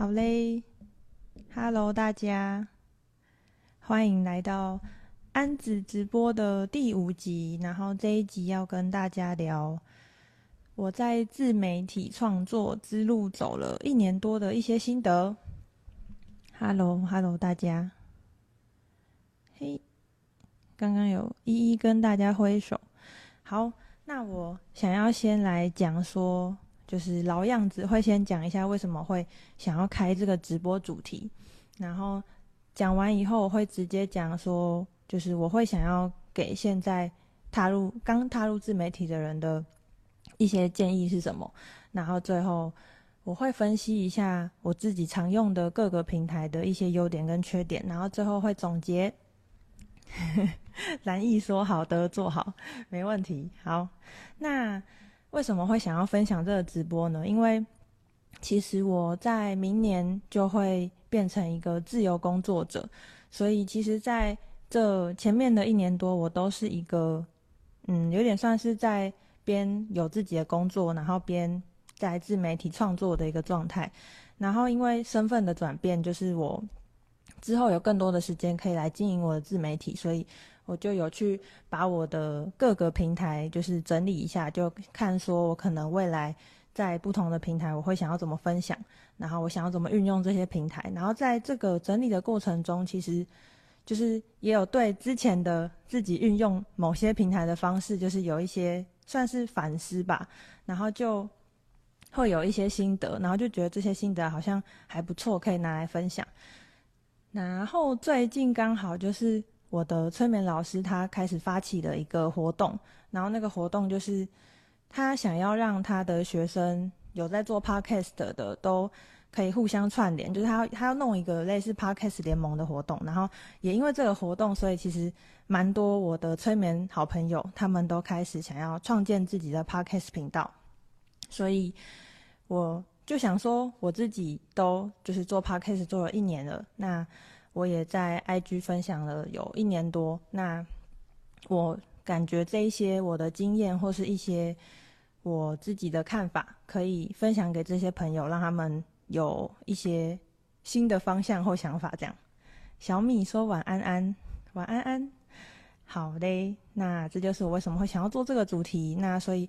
好嘞，Hello，大家，歡迎來到安子直播的第五集。然後這一集要跟大家聊我在自媒體創作之路走了一年多的一些心得。Hello，Hello，Hello 大家，嘿、hey，剛剛有一一跟大家揮手。好，那我想要先來講說。就是老樣子，會先講一下為什麼會想要開這個直播主題，然後講完以後，我會直接講說，就是我會想要給現在踏入剛踏入自媒體的人的一些建議是什麼，然後最後我會分析一下我自己常用的各個平台的一些優點跟缺點，然後最後會總結。難 易說：“好的，做好，沒問題。”好，那。為什麼會想要分享這個直播呢？因為其實我在明年就會變成一個自由工作者，所以其實在這前面的一年多，我都是一個嗯，有點算是在邊有自己的工作，然後邊在自媒體創作的一個狀態。然後因為身份的轉變，就是我之後有更多的時間可以來經營我的自媒體，所以。我就有去把我的各個平台就是整理一下，就看說我可能未來在不同的平台我會想要怎麼分享，然後我想要怎麼運用這些平台，然後在這個整理的過程中，其實就是也有對之前的自己運用某些平台的方式，就是有一些算是反思吧，然後就會有一些心得，然後就覺得這些心得好像還不錯，可以拿來分享。然後最近剛好就是。我的催眠老師他開始發起了一個活動，然後那個活動就是他想要讓他的學生有在做 Podcast 的都可以互相串聯，就是他他要弄一個類似 Podcast 聯盟的活動。然後也因為這個活動，所以其實蠻多我的催眠好朋友他們都開始想要創建自己的 Podcast 頻道。所以我就想說，我自己都就是做 Podcast 做了一年了，那。我也在 IG 分享了有一年多，那我感覺這一些我的經驗或是一些我自己的看法，可以分享給這些朋友，讓他們有一些新的方向或想法。這樣，小米說晚安安，晚安安，好嘞。那這就是我為什麼會想要做這個主題。那所以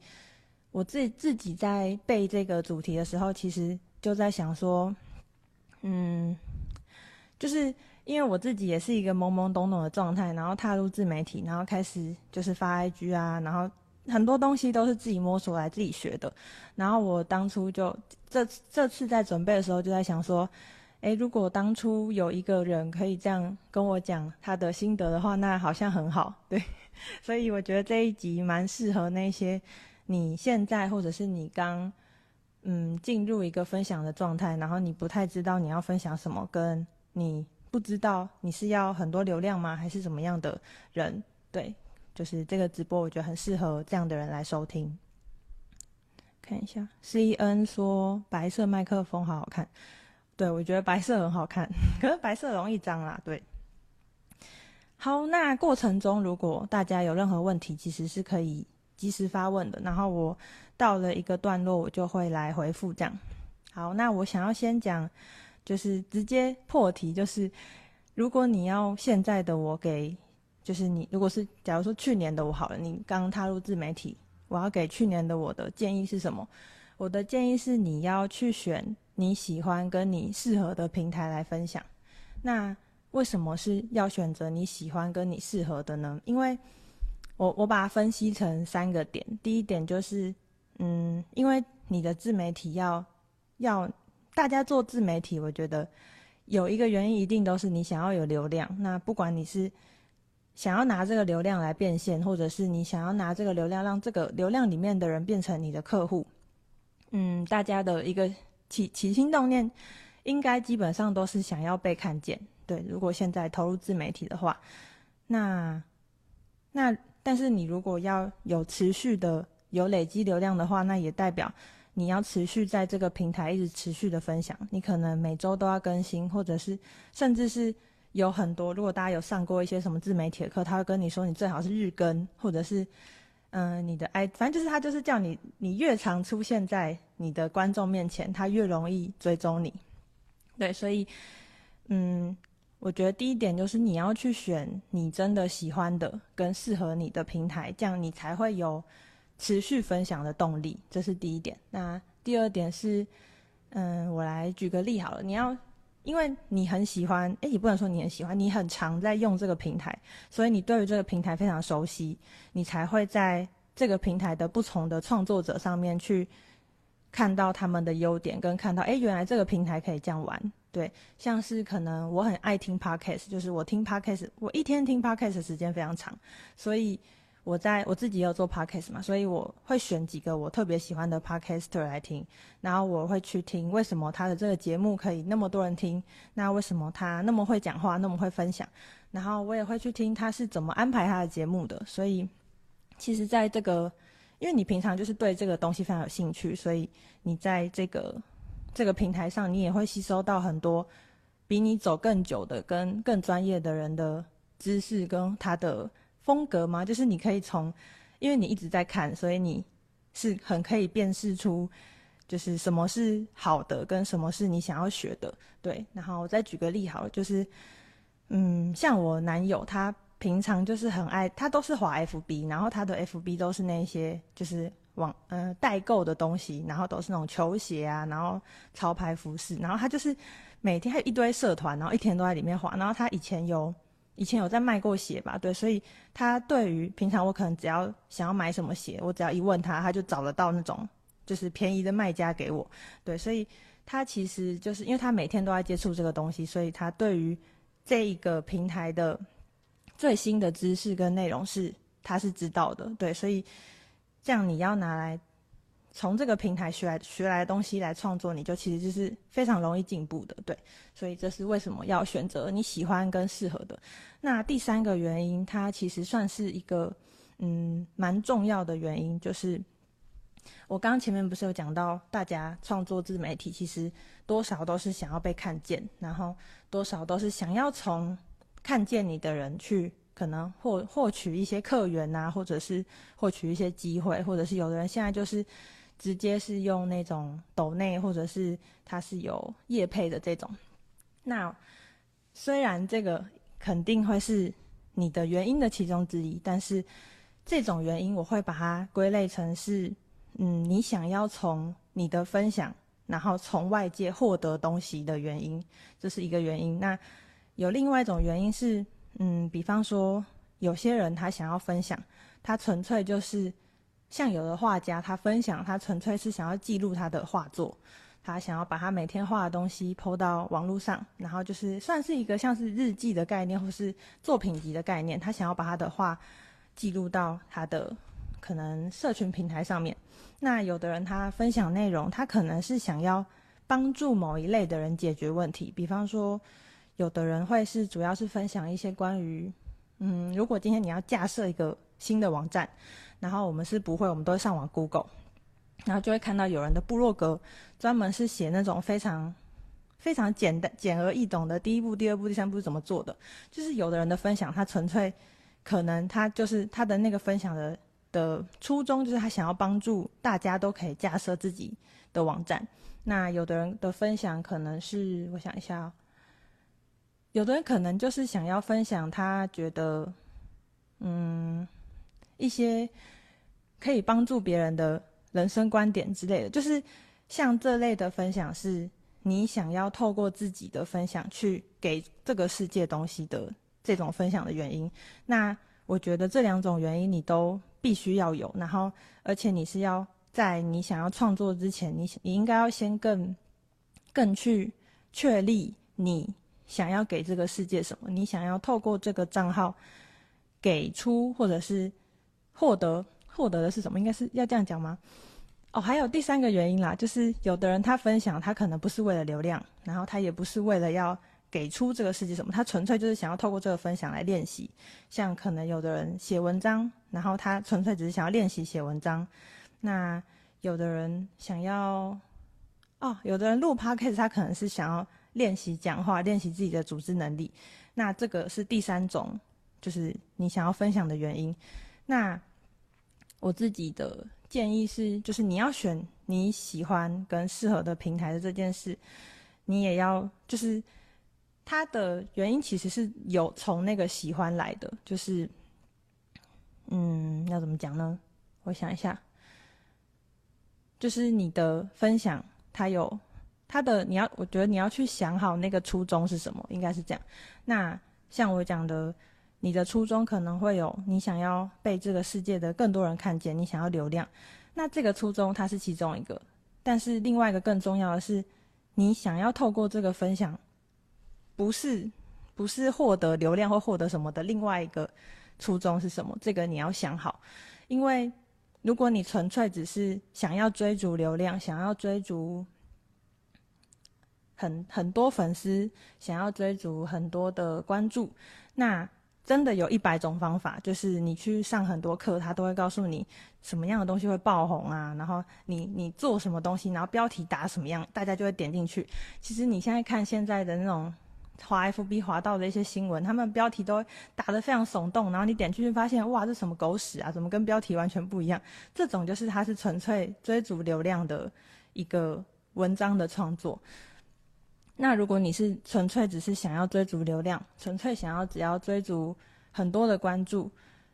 我自己自己在背這個主題的時候，其實就在想說，嗯，就是。因為我自己也是一個懵懵懂懂的狀態，然後踏入自媒體，然後開始就是發 IG 啊，然後很多東西都是自己摸索來、自己學的。然後我當初就這這次在準備的時候，就在想說，哎，如果當初有一個人可以這樣跟我講他的心得的話，那好像很好。對，所以我覺得這一集蠻適合那些你現在或者是你剛嗯進入一個分享的狀態，然後你不太知道你要分享什麼，跟你。不知道你是要很多流量嗎，還是怎麼樣的人？對，就是這個直播，我覺得很適合這樣的人來收聽。看一下，CN 說白色麥克風好好看，對，我覺得白色很好看，可是白色容易髒啦。對，好，那過程中如果大家有任何問題，其實是可以及時發問的。然後我到了一個段落，我就會來回復這樣。好，那我想要先講。就是直接破題，就是如果你要現在的我給，就是你如果是假如說去年的我好了，你剛踏入自媒體，我要給去年的我的建議是什麼？我的建議是你要去選你喜歡跟你適合的平台來分享。那為什麼是要選擇你喜歡跟你適合的呢？因為我，我我把它分析成三個點。第一點就是，嗯，因為你的自媒體要要。大家做自媒體，我覺得有一個原因，一定都是你想要有流量。那不管你是想要拿這個流量來變現，或者是你想要拿這個流量讓這個流量裡面的人變成你的客戶，嗯，大家的一個起起心動念，應該基本上都是想要被看見。對，如果現在投入自媒體的話，那那但是你如果要有持續的有累積流量的話，那也代表。你要持續在這個平台一直持續的分享，你可能每周都要更新，或者是甚至是有很多。如果大家有上過一些什麼自媒體的課，他會跟你說，你最好是日更，或者是嗯、呃，你的哎，反正就是他就是叫你，你越常出現在你的觀眾面前，他越容易追蹤你。對，所以嗯，我覺得第一點就是你要去選你真的喜歡的跟適合你的平台，這樣你才會有。持續分享的動力，這是第一點。那第二點是，嗯，我來舉個例好了。你要，因為你很喜歡，哎，也不能說你很喜歡，你很常在用這個平台，所以你對於這個平台非常熟悉，你才會在這個平台的不同的創作者上面去看到他們的優點，跟看到哎，原來這個平台可以這樣玩。對，像是可能我很愛聽 Podcast，就是我聽 Podcast，我一天聽 Podcast 的時間非常長，所以。我在我自己也有做 podcast 嘛，所以我會選幾個我特別喜歡的 podcaster 來聽，然後我會去聽為什麼他的這個節目可以那麼多人聽，那為什麼他那麼會講話，那麼會分享，然後我也會去聽他是怎麼安排他的節目的。所以，其實在這個，因為你平常就是對這個東西非常有興趣，所以你在這個這個平台上，你也會吸收到很多比你走更久的，跟更專業的人的知識跟他的。風格嗎？就是你可以從，因為你一直在看，所以你是很可以辨識出，就是什麼是好的跟什麼是你想要學的，對。然後我再舉個例好了，就是，嗯，像我男友，他平常就是很愛，他都是滑 FB，然後他的 FB 都是那些就是網，嗯、呃，代購的東西，然後都是那種球鞋啊，然後潮牌服飾，然後他就是每天還有一堆社團，然後一天都在裡面滑，然後他以前有。以前有在賣過鞋吧，對，所以他對於平常我可能只要想要買什麼鞋，我只要一問他，他就找得到那種就是便宜的賣家給我。對，所以他其實就是因為他每天都在接觸這個東西，所以他對於這一個平台的最新的知識跟內容是他是知道的。對，所以這樣你要拿來從這個平台學來學來的東西來創作，你就其實就是非常容易進步的。對，所以這是為什麼要選擇你喜歡跟適合的。那第三個原因，它其實算是一個，嗯，蠻重要的原因，就是我剛前面不是有講到，大家創作自媒體其實多少都是想要被看見，然後多少都是想要從看見你的人去可能獲獲取一些客源啊，或者是獲取一些機會，或者是有的人現在就是直接是用那種抖內或者是他是有業配的這種，那雖然這個。肯定會是你的原因的其中之一，但是這種原因我會把它歸類成是，嗯，你想要從你的分享，然後從外界獲得東西的原因，這是一個原因。那有另外一種原因是，嗯，比方說有些人他想要分享，他純粹就是像有的畫家，他分享他純粹是想要記錄他的畫作。他想要把他每天畫的東西拋到網絡上，然後就是算是一個像是日記的概念，或是作品集的概念。他想要把他的畫記錄到他的可能社群平台上面。那有的人他分享內容，他可能是想要幫助某一類的人解決問題。比方說，有的人會是主要是分享一些關於，嗯，如果今天你要架設一個新的網站，然後我們是不會，我們都會上網 Google，然後就會看到有人的部落格。專門是寫那種非常非常簡單、簡而易懂的。第一步、第二步、第三步是怎麼做的？就是有的人的分享，他純粹可能他就是他的那個分享的的初衷，就是他想要幫助大家都可以架設自己的網站。那有的人的分享可能是，我想一下哦，有的人可能就是想要分享他覺得嗯一些可以幫助別人的人生觀點之類的，就是。像這類的分享，是你想要透過自己的分享去給這個世界東西的這種分享的原因。那我覺得這兩種原因你都必須要有，然後而且你是要在你想要創作之前，你你應該要先更更去確立你想要給這個世界什麼，你想要透過這個賬號給出或者是獲得，獲得的是什麼？應該是要這樣講嗎？哦，還有第三個原因啦，就是有的人他分享，他可能不是為了流量，然後他也不是為了要給出這個世界什麼，他純粹就是想要透過這個分享來練習。像可能有的人寫文章，然後他純粹只是想要練習寫文章。那有的人想要，哦，有的人錄 Podcast，他可能是想要練習講話，練習自己的組織能力。那這個是第三種，就是你想要分享的原因。那我自己的。建議是，就是你要選你喜歡跟適合的平台的這件事，你也要就是它的原因其實是有從那個喜歡來的，就是嗯，要怎麼講呢？我想一下，就是你的分享，它有它的你要，我覺得你要去想好那個初衷是什麼，應該是這樣。那像我講的。你的初衷可能會有你想要被這個世界的更多人看見，你想要流量。那這個初衷它是其中一個，但是另外一個更重要的是，你想要透過這個分享，不是不是獲得流量或獲得什麼的。另外一個初衷是什麼？這個你要想好，因為如果你純粹只是想要追逐流量，想要追逐很很多粉絲，想要追逐很多的關注，那。真的有一百種方法，就是你去上很多課，他都會告訴你什麼樣的東西會爆紅啊，然後你你做什麼東西，然後標題打什麼樣，大家就會點進去。其實你現在看現在的那種滑 FB 滑到的一些新聞，他們標題都打得非常聳動，然後你點進去發現，哇，這什麼狗屎啊，怎麼跟標題完全不一樣？這種就是它是純粹追逐流量的一個文章的創作。那如果你是純粹只是想要追逐流量，純粹想要只要追逐很多的關注，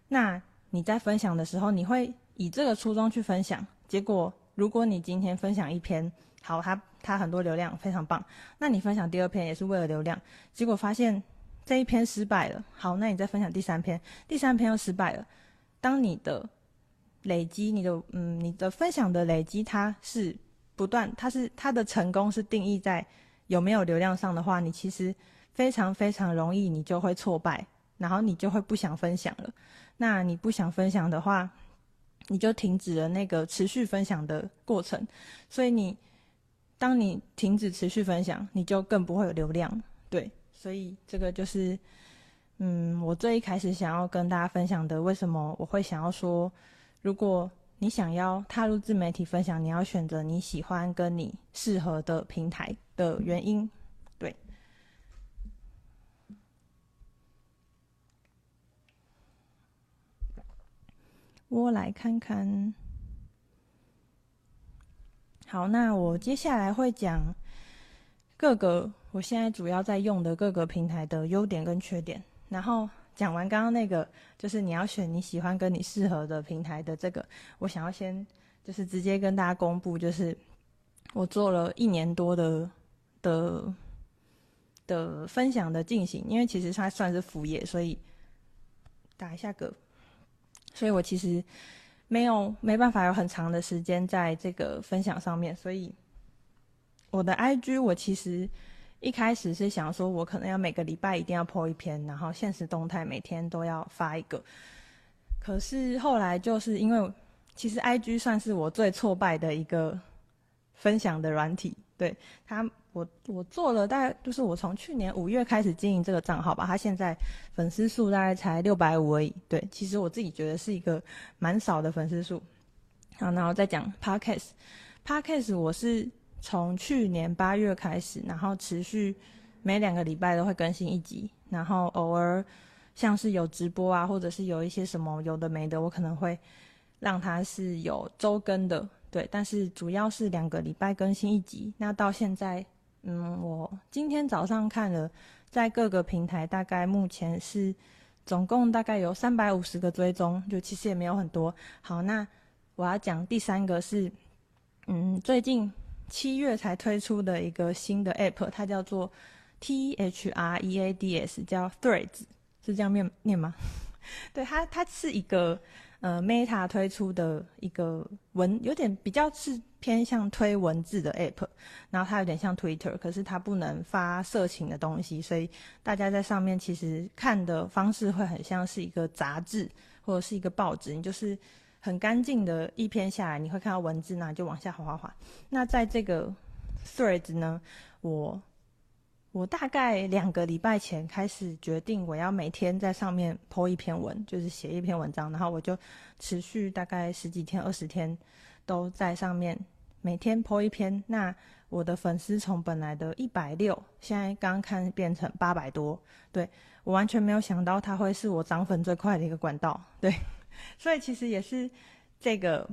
那你在分享的時候，你會以這個初衷去分享。結果，如果你今天分享一篇，好，它它很多流量非常棒，那你分享第二篇也是為了流量，結果發現這一篇失敗了。好，那你再分享第三篇，第三篇又失敗了。當你的累積，你的嗯，你的分享的累積，它是不斷，它是它的成功是定義在。有沒有流量上的話，你其實非常非常容易，你就會挫敗，然後你就會不想分享了。那你不想分享的話，你就停止了那個持續分享的過程。所以你當你停止持續分享，你就更不會有流量。對，所以這個就是，嗯，我最一開始想要跟大家分享的，為什麼我會想要說，如果。你想要踏入自媒體分享，你要選擇你喜歡跟你適合的平台的原因，對。我來看看。好，那我接下來會講各個我現在主要在用的各個平台的優點跟缺點，然後。講完剛剛那個，就是你要選你喜歡跟你適合的平台的這個，我想要先就是直接跟大家公佈，就是我做了一年多的的的分享的進行。因為其實它算是副業，所以打一下嗝，所以我其實沒有沒辦法有很長的時間在這個分享上面，所以我的 IG 我其實。一開始是想說，我可能要每個禮拜一定要 po 一篇，然後限時動態每天都要發一個。可是後來就是因為，其實 IG 算是我最挫敗的一個分享的軟體，對，他，我我做了大概就是我從去年五月開始經營這個賬號吧，他現在粉絲數大概才六百五而已，對，其實我自己覺得是一個蠻少的粉絲數。好，然後再講 Podcast，Podcast Podcast 我是。從去年八月開始，然後持續每兩個禮拜都會更新一集，然後偶爾像是有直播啊，或者是有一些什麼有的沒的，我可能會讓它是有周更的，對。但是主要是兩個禮拜更新一集。那到現在，嗯，我今天早上看了，在各個平台大概目前是總共大概有三百五十個追蹤，就其實也沒有很多。好，那我要講第三個是，嗯，最近。七月才推出的一個新的 app，它叫做 T H R E A D S，叫 Threads，是這樣念念嗎？ 對，它它是一個呃 Meta 推出的一個文，有點比較是偏向推文字的 app，然後它有點像 Twitter，可是它不能發色情的東西，所以大家在上面其實看的方式會很像是一個雜誌或者是一個報紙，你就是。很乾淨的一篇下來，你會看到文字呢，就往下滑滑滑。那在這個 threads 呢，我我大概兩個禮拜前開始決定，我要每天在上面 po 一篇文，就是寫一篇文章，然後我就持續大概十幾天、二十天都在上面每天 po 一篇。那我的粉絲從本來的一百六，現在剛剛看變成八百多，對我完全沒有想到它會是我漲粉最快的一個管道，對。所以其實也是這個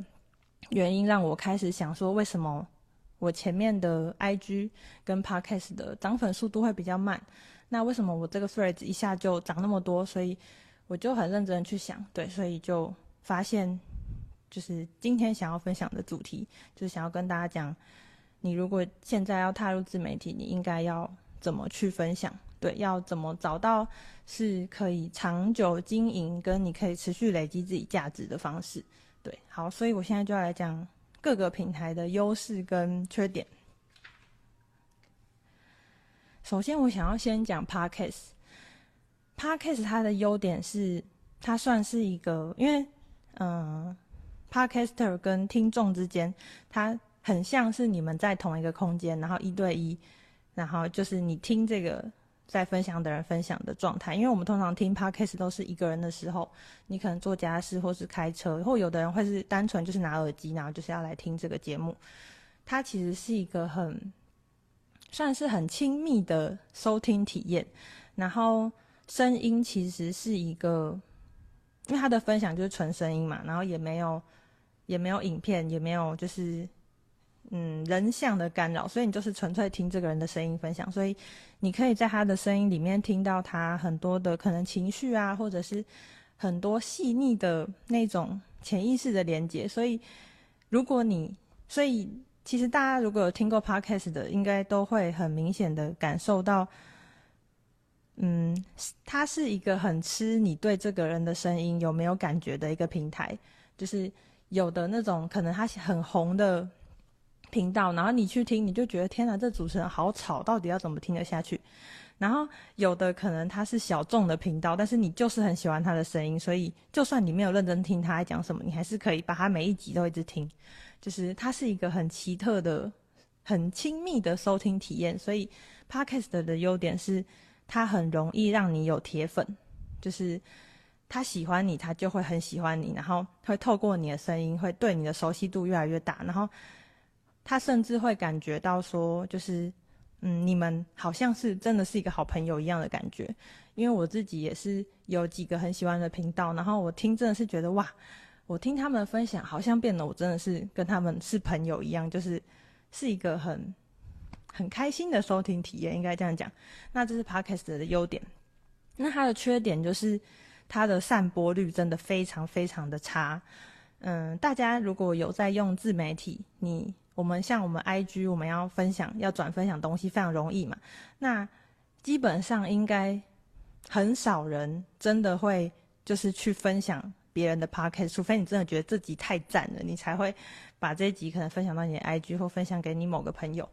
原因讓我開始想說，為什麼我前面的 IG 跟 Podcast 的漲粉速度會比較慢？那為什麼我這個 Threads 一下就漲那麼多？所以我就很認真地去想，對，所以就發現，就是今天想要分享的主題，就是想要跟大家講，你如果現在要踏入自媒體，你應該要怎麼去分享。對，要怎麼找到是可以長久經營跟你可以持續累積自己價值的方式？對，好，所以我現在就要來講各個平台的優勢跟缺點。首先，我想要先講 Podcast。Podcast 它的優點是，它算是一個，因為嗯 Podcaster 跟聽眾之間，它很像是你們在同一個空間，然後一對一，然後就是你聽這個。在分享的人分享的狀態，因為我們通常聽 Podcast 都是一個人的時候，你可能做家事或是開車，或有的人會是單純就是拿耳機，然後就是要來聽這個節目。它其實是一個很，算是很親密的收聽體驗，然後聲音其實是一個，因為它的分享就是純聲音嘛，然後也沒有也沒有影片，也沒有就是。嗯，人像的干擾，所以你就是純粹聽這個人的聲音分享，所以你可以在他的聲音裡面聽到他很多的可能情緒啊，或者是很多細膩的那種潛意識的連接。所以，如果你，所以其實大家如果有聽過 Podcast 的，應該都會很明顯的感受到，嗯，他是一個很吃你對這個人的聲音有沒有感覺的一個平台，就是有的那種可能他很紅的。頻道，然後你去聽，你就覺得天哪，這主持人好吵，到底要怎麼聽得下去？然後有的可能他是小眾的頻道，但是你就是很喜歡他的聲音，所以就算你沒有認真聽他在講什麼，你還是可以把他每一集都一直聽。就是它是一個很奇特的、很親密的收聽體驗。所以，podcast 的優點是它很容易讓你有鐵粉，就是他喜歡你，他就會很喜歡你，然後會透過你的聲音，會對你的熟悉度越來越大，然後。他甚至會感覺到說，就是，嗯，你們好像是真的是一個好朋友一樣的感覺，因為我自己也是有幾個很喜歡的頻道，然後我聽真的是覺得哇，我聽他們的分享好像變得我真的是跟他們是朋友一樣，就是是一個很很開心的收聽體驗，應該這樣講。那這是 Podcast 的優點，那它的缺點就是它的散播率真的非常非常的差。嗯，大家如果有在用自媒體，你。我們像我們 IG，我們要分享要轉分享東西非常容易嘛。那基本上應該很少人真的會就是去分享別人的 Podcast，除非你真的覺得這集太讚了，你才會把這集可能分享到你的 IG 或分享給你某個朋友。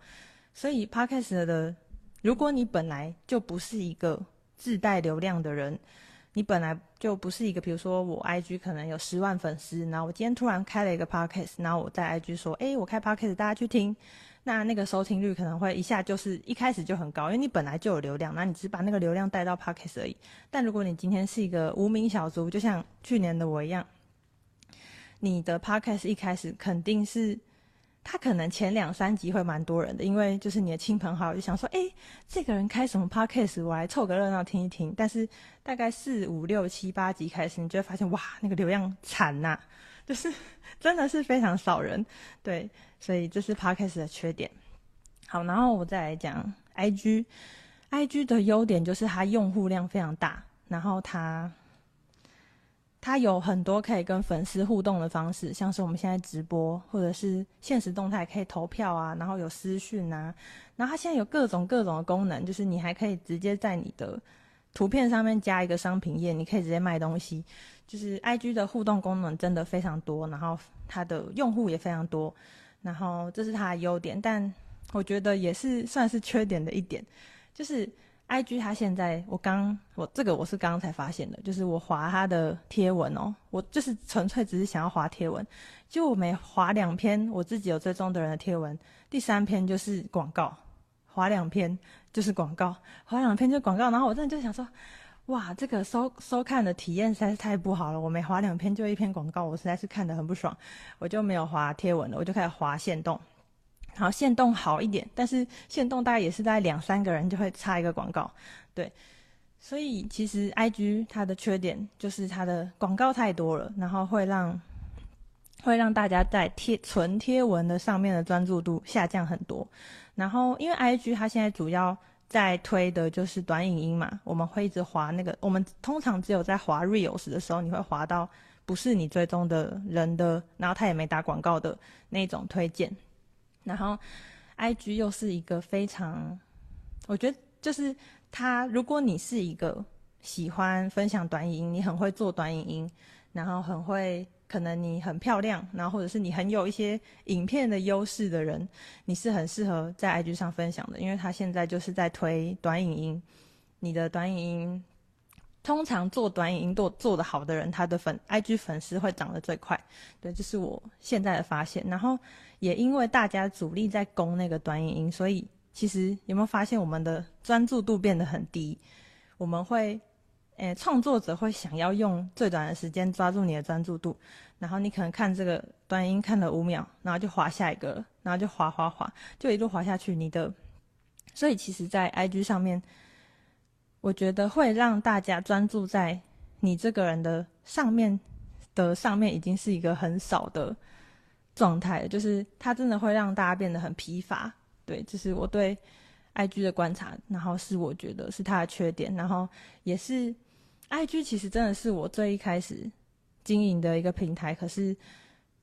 所以 Podcast 的，如果你本來就不是一個自帶流量的人，你本來就不是一個，比如說我 IG 可能有十萬粉絲，然後我今天突然開了一個 podcast，然後我在 IG 說，誒，我開 podcast 大家去聽，那那個收聽率可能會一下就是一開始就很高，因為你本來就有流量，那你只是把那個流量帶到 podcast 而已。但如果你今天是一個無名小卒，就像去年的我一樣，你的 podcast 一開始肯定是。他可能前兩三集會蠻多人的，因為就是你的親朋好友就想說，哎，這個人開什麼 podcast 我來湊個熱鬧聽一聽。但是大概四五六七八集開始，你就會發現，哇，那個流量慘吶、啊，就是真的是非常少人。對，所以這是 podcast 的缺點。好，然後我再來講 IG，IG IG 的優點就是它用戶量非常大，然後它。它有很多可以跟粉絲互動的方式，像是我們現在直播，或者是限時動態可以投票啊，然後有私訊啊，然後它現在有各種各種的功能，就是你還可以直接在你的圖片上面加一個商品頁，你可以直接賣東西，就是 IG 的互動功能真的非常多，然後它的用戶也非常多，然後這是它的優點，但我覺得也是算是缺點的一點，就是。IG 他現在，我剛我這個我是剛剛才發現的，就是我滑他的貼文哦，我就是純粹只是想要滑貼文，就我每滑兩篇我自己有追蹤的人的貼文，第三篇就是廣告，滑兩篇就是廣告，滑兩篇就是廣告，然後我真的就想說，哇，這個收收看的體驗實在是太不好了，我每滑兩篇就一篇廣告，我實在是看得很不爽，我就沒有滑貼文了，我就開始滑限動。然後限動好一點，但是限動大概也是在兩三個人就會插一個廣告，對。所以其實 IG 它的缺點就是它的廣告太多了，然後會讓會讓大家在貼純貼文的上面的專注度下降很多。然後因為 IG 它現在主要在推的就是短影音嘛，我們會一直滑那個，我們通常只有在滑 Reels 的時候，你會滑到不是你追蹤的人的，然後他也沒打廣告的那種推薦。然後，IG 又是一個非常，我覺得就是他，如果你是一個喜歡分享短影音，你很會做短影音，然後很會，可能你很漂亮，然後或者是你很有一些影片的優勢的人，你是很適合在 IG 上分享的，因為他現在就是在推短影音，你的短影音通常做短影音做做得好的人，他的粉 IG 粉絲會漲得最快，對，這，就是我現在的發現，然後。也因為大家主力在攻那個短影音，所以其實有沒有發現我們的專注度變得很低？我們會，哎、欸，創作者會想要用最短的時間抓住你的專注度，然後你可能看這個短影音看了五秒，然後就滑下一個，然後就滑滑滑，就一路滑下去。你的，所以其實，在 IG 上面，我覺得會讓大家專注在你這個人的上面的上面，已經是一個很少的。狀態，就是它真的會讓大家變得很疲乏。對，這、就是我對 IG 的觀察，然後是我覺得是它的缺點，然後也是 IG 其實真的是我最一開始經營的一個平台，可是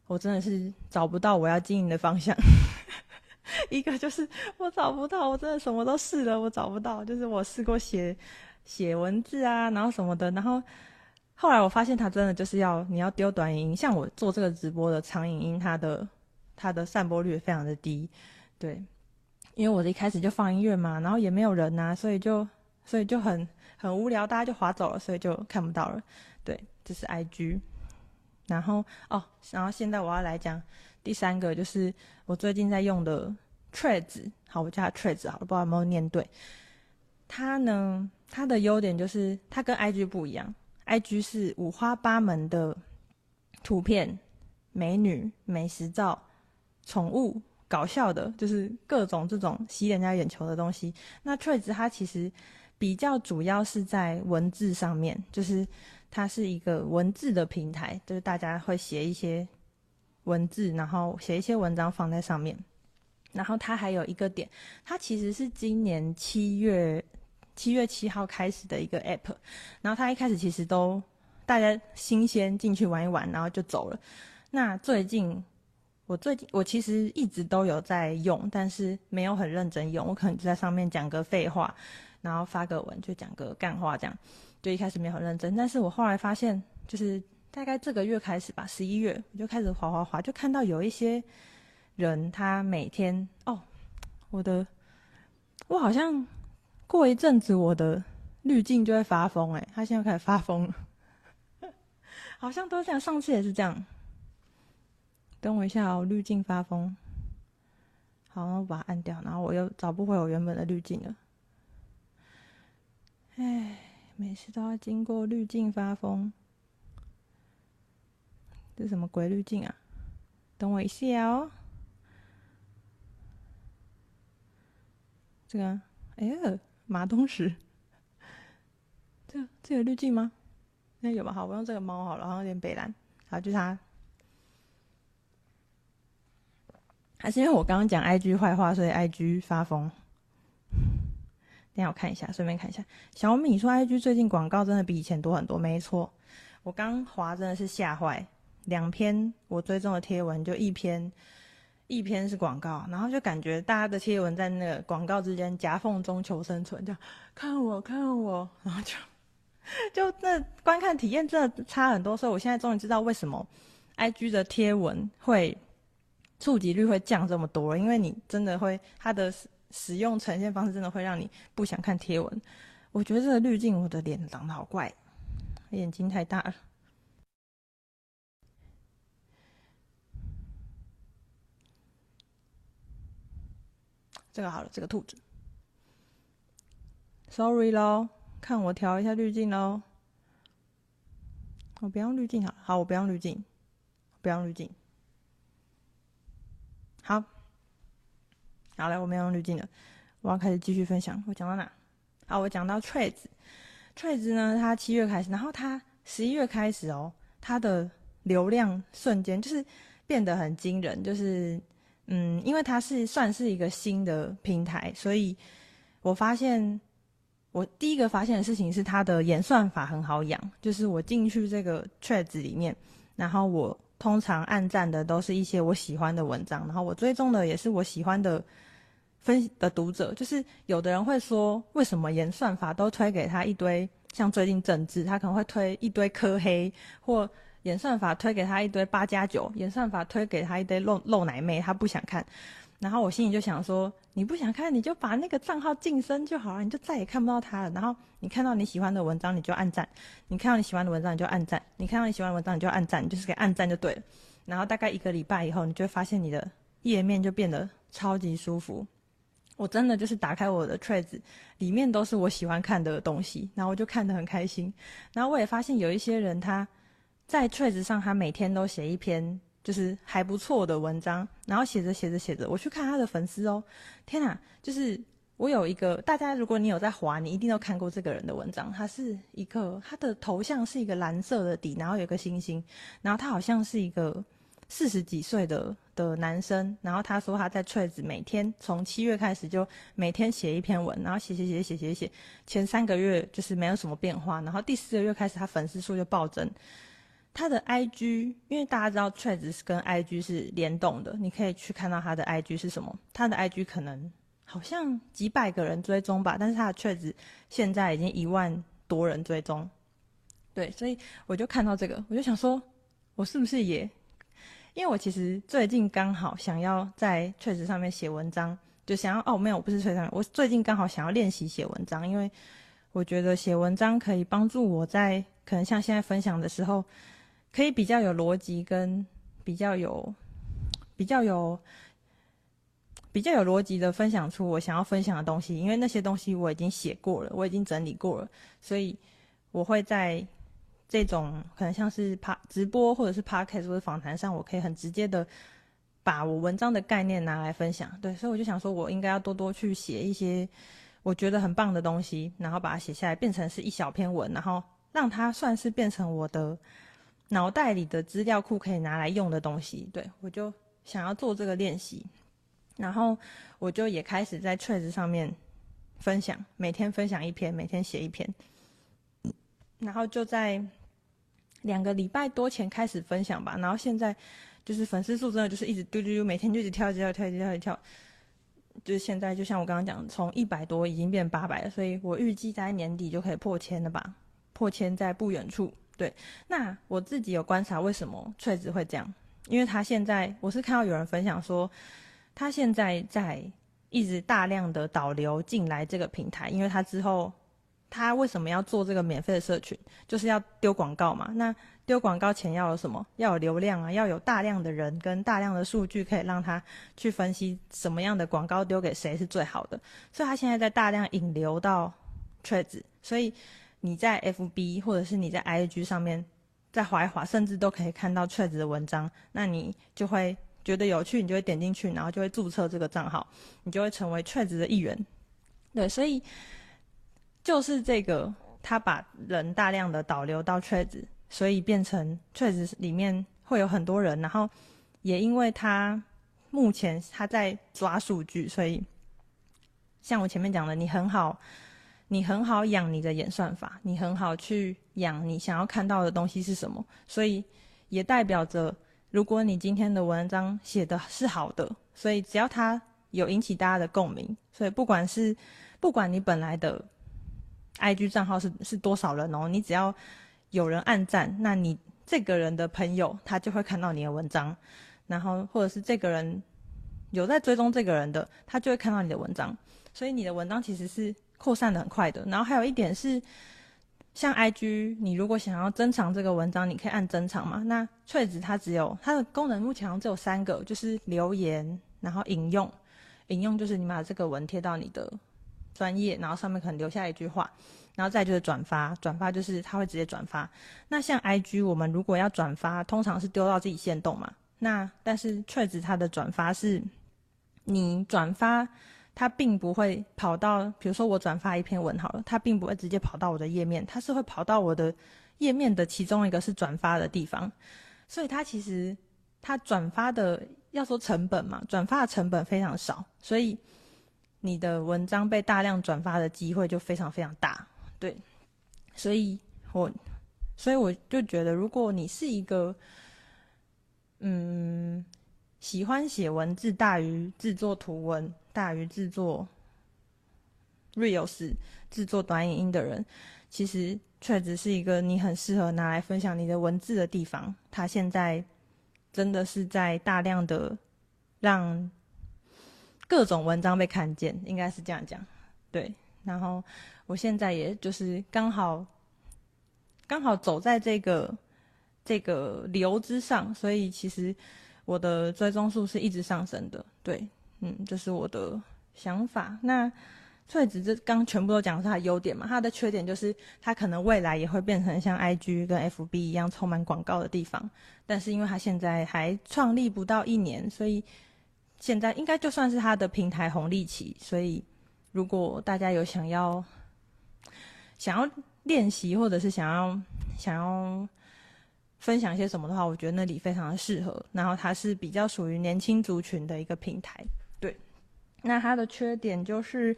我真的是找不到我要經營的方向。 一個就是我找不到，我真的什麼都試了，我找不到。就是我試過寫寫文字啊，然後什麼的，然後。後來我發現，它真的就是要你要丟短影音，像我做這個直播的長影音，它的它的散播率非常的低，對，因為我一開始就放音樂嘛，然後也沒有人吶，所以就所以就很很無聊，大家就滑走了，所以就看不到了。對，這是 IG，然後哦，然後現在我要來講第三個，就是我最近在用的 Threads，好，我叫它 Threads，好了，不知道有沒有念對。它呢，它的優點就是它跟 IG 不一樣。IG 是五花八門的圖片、美女、美食照、寵物、搞笑的，就是各種這種吸引人家眼球的東西。那 Threads 它其實比較主要是在文字上面，就是它是一個文字的平台，就是大家會寫一些文字，然後寫一些文章放在上面。然後它還有一個點，它其實是今年七月。七月七號開始的一個 App，然後它一開始其實都大家新鮮進去玩一玩，然後就走了。那最近我最近我其實一直都有在用，但是沒有很認真用。我可能就在上面講個廢話，然後發個文就講個幹話這樣，就一開始沒有很認真。但是我後來發現，就是大概這個月開始吧，十一月我就開始滑滑滑，就看到有一些人他每天哦，我的我好像。過一陣子我的濾鏡就會發瘋，欸，哎，他現在又開始發瘋了， 好像都是這樣，上次也是這樣。等我一下，喔，哦，濾鏡發瘋，好，我把它按掉，然後我又找不回我原本的濾鏡了。哎，每次都要經過濾鏡發瘋，這是什麼鬼濾鏡啊？等我一下哦，喔，這個，哎呦！馬東石，這這有濾鏡嗎？那該有吧。好，我用這個貓好了，然後有點北藍。好，就它。還是因為我剛剛講 IG 壞話，所以 IG 發瘋。等一下我看一下，順便看一下。小米說 IG 最近廣告真的比以前多很多，沒錯。我剛滑真的是嚇壞，兩篇我追蹤的貼文就一篇。一篇是廣告，然後就感覺大家的貼文在那個廣告之間夾縫中求生存，這樣看我看我，然後就就那觀看體驗真的差很多，所以我現在終於知道為什麼 IG 的貼文會觸及率會降這麼多，因為你真的會它的使使用呈現方式真的會讓你不想看貼文。我覺得這個濾鏡我的臉長得好怪，眼睛太大了。這個好了，這個兔子。Sorry 咯。看我調一下濾鏡咯，我不要濾鏡好，好，我不要濾鏡，我不要濾鏡。好，好了，我沒有用濾鏡了。我要開始繼續分享。我講到哪？好，我講到 Threads。Threads 呢？它七月開始，然後它十一月開始哦，它的流量瞬間就是變得很驚人，就是。嗯，因為它是算是一個新的平台，所以我發現我第一個發現的事情是它的演算法很好養，就是我進去這個 Threads 裡面，然後我通常按讚的都是一些我喜歡的文章，然後我追蹤的也是我喜歡的分析的讀者。就是有的人會說，為什麼演算法都推給他一堆像最近政治，他可能會推一堆科黑或。演算法推給他一堆八加九，演算法推給他一堆露露奶妹，他不想看。然後我心裡就想說：“你不想看，你就把那個賬號禁聲就好了，你就再也看不到他了。”然後你看到你喜歡的文章，你就按讚；你看到你喜歡的文章，你就按讚；你看到你喜歡的文章，你就按讚，你就是給按讚就對了。然後大概一個禮拜以後，你就會發現你的頁面就變得超級舒服。我真的就是打開我的 Threads，裡面都是我喜歡看的東西，然後我就看得很開心。然後我也發現有一些人他。在 Threads 上，他每天都寫一篇就是還不錯的文章。然後寫着寫着寫着我去看他的粉絲哦，天哪！就是我有一個大家，如果你有在滑，你一定都看過這個人的文章。他是一個他的頭像是一個藍色的底，然後有一個星星，然後他好像是一個四十幾歲的的男生。然後他說他在 Threads 每天從七月開始就每天寫一篇文，然後寫寫、寫寫寫寫寫寫，前三個月就是沒有什麼變化，然後第四個月開始他粉絲數就暴增。他的 IG，因為大家知道 Threads 是跟 IG 是聯動的，你可以去看到他的 IG 是什麼。他的 IG 可能好像幾百個人追蹤吧，但是他的 Threads 現在已經一萬多人追蹤。對，所以我就看到這個，我就想說，我是不是也？因為我其實最近剛好想要在 Threads 上面寫文章，就想要哦，沒有，我不是 Threads 上面，我最近剛好想要練習寫文章，因為我覺得寫文章可以幫助我在可能像現在分享的時候。可以比較有邏輯，跟比較有、比較有、比較有邏輯的分享出我想要分享的東西，因為那些東西我已經寫過了，我已經整理過了，所以我會在這種可能像是趴直播或者是 Podcast 或者訪談上，我可以很直接的把我文章的概念拿來分享。對，所以我就想說，我應該要多多去寫一些我覺得很棒的東西，然後把它寫下來，變成是一小篇文，然後讓它算是變成我的。腦袋裡的資料庫可以拿來用的東西，對，我就想要做這個練習，然後我就也開始在 t 子上面分享，每天分享一篇，每天寫一篇，然後就在兩個禮拜多前開始分享吧，然後現在就是粉絲數真的就是一直嘟嘟嘟，每天就一直跳一跳一跳，一跳一跳一跳，就是現在就像我剛剛講，從一百多已經變八百了，所以我預計在年底就可以破千了吧，破千在不遠處。對，那我自己有觀察，為什麼 Threads 會這樣？因為他現在我是看到有人分享說，他現在在一直大量的導流進來這個平台，因為他之後他為什麼要做這個免費的社群，就是要丟廣告嘛。那丟廣告前要有什麼？要有流量啊，要有大量的人跟大量的數據，可以讓他去分析什麼樣的廣告丟給誰是最好的。所以他現在在大量引流到 Threads，所以。你在 FB 或者是你在 IG 上面再滑一滑，甚至都可以看到 Threads 的文章，那你就會覺得有趣，你就會點進去，然後就會註冊這個賬號，你就會成為 Threads 的一員。對，所以就是這個，他把人大量的導流到 Threads，所以變成 Threads 裡面會有很多人。然後也因為他目前他在抓數據，所以像我前面講的，你很好。你很好養你的演算法，你很好去養你想要看到的東西是什麼，所以也代表着，如果你今天的文章寫的是好的，所以只要它有引起大家的共鳴，所以不管是不管你本來的 IG 賬號是是多少人哦，你只要有人按讚，那你這個人的朋友他就會看到你的文章，然後或者是這個人有在追蹤這個人的，他就會看到你的文章，所以你的文章其實是。擴散的很快的，然後還有一點是，像 IG，你如果想要珍藏這個文章，你可以按珍藏嘛。那 Threads 它只有它的功能，目前好像只有三個，就是留言，然後引用，引用就是你把這個文貼到你的專頁，然後上面可能留下一句話，然後再就是轉發，轉發就是它會直接轉發。那像 IG，我們如果要轉發，通常是丟到自己限動嘛。那但是 Threads 它的轉發是，你轉發。它並不會跑到，比如說我轉發一篇文好了，它並不會直接跑到我的頁面，它是會跑到我的頁面的其中一個是轉發的地方。所以它其實它轉發的要說成本嘛，轉發的成本非常少，所以你的文章被大量轉發的機會就非常非常大。對，所以我所以我就覺得，如果你是一個嗯喜歡寫文字大於製作圖文。大於製作 Reels 製作短影音的人，其實確實是一個你很適合拿來分享你的文字的地方。他現在真的是在大量的讓各種文章被看見，應該是這樣講。對，然後我現在也就是剛好剛好走在這個這個流之上，所以其實我的追蹤數是一直上升的。對。嗯，這，就是我的想法。那 Threads 這剛全部都講的是它優點嘛，它的缺點就是它可能未來也會變成像 I G 跟 F B 一樣充滿廣告的地方。但是因為它現在還創立不到一年，所以現在應該就算是它的平台紅利期。所以如果大家有想要想要練習或者是想要想要分享一些什麼的話，我覺得那裡非常的適合。然後它是比較屬於年輕族群的一個平台。那他的缺點就是，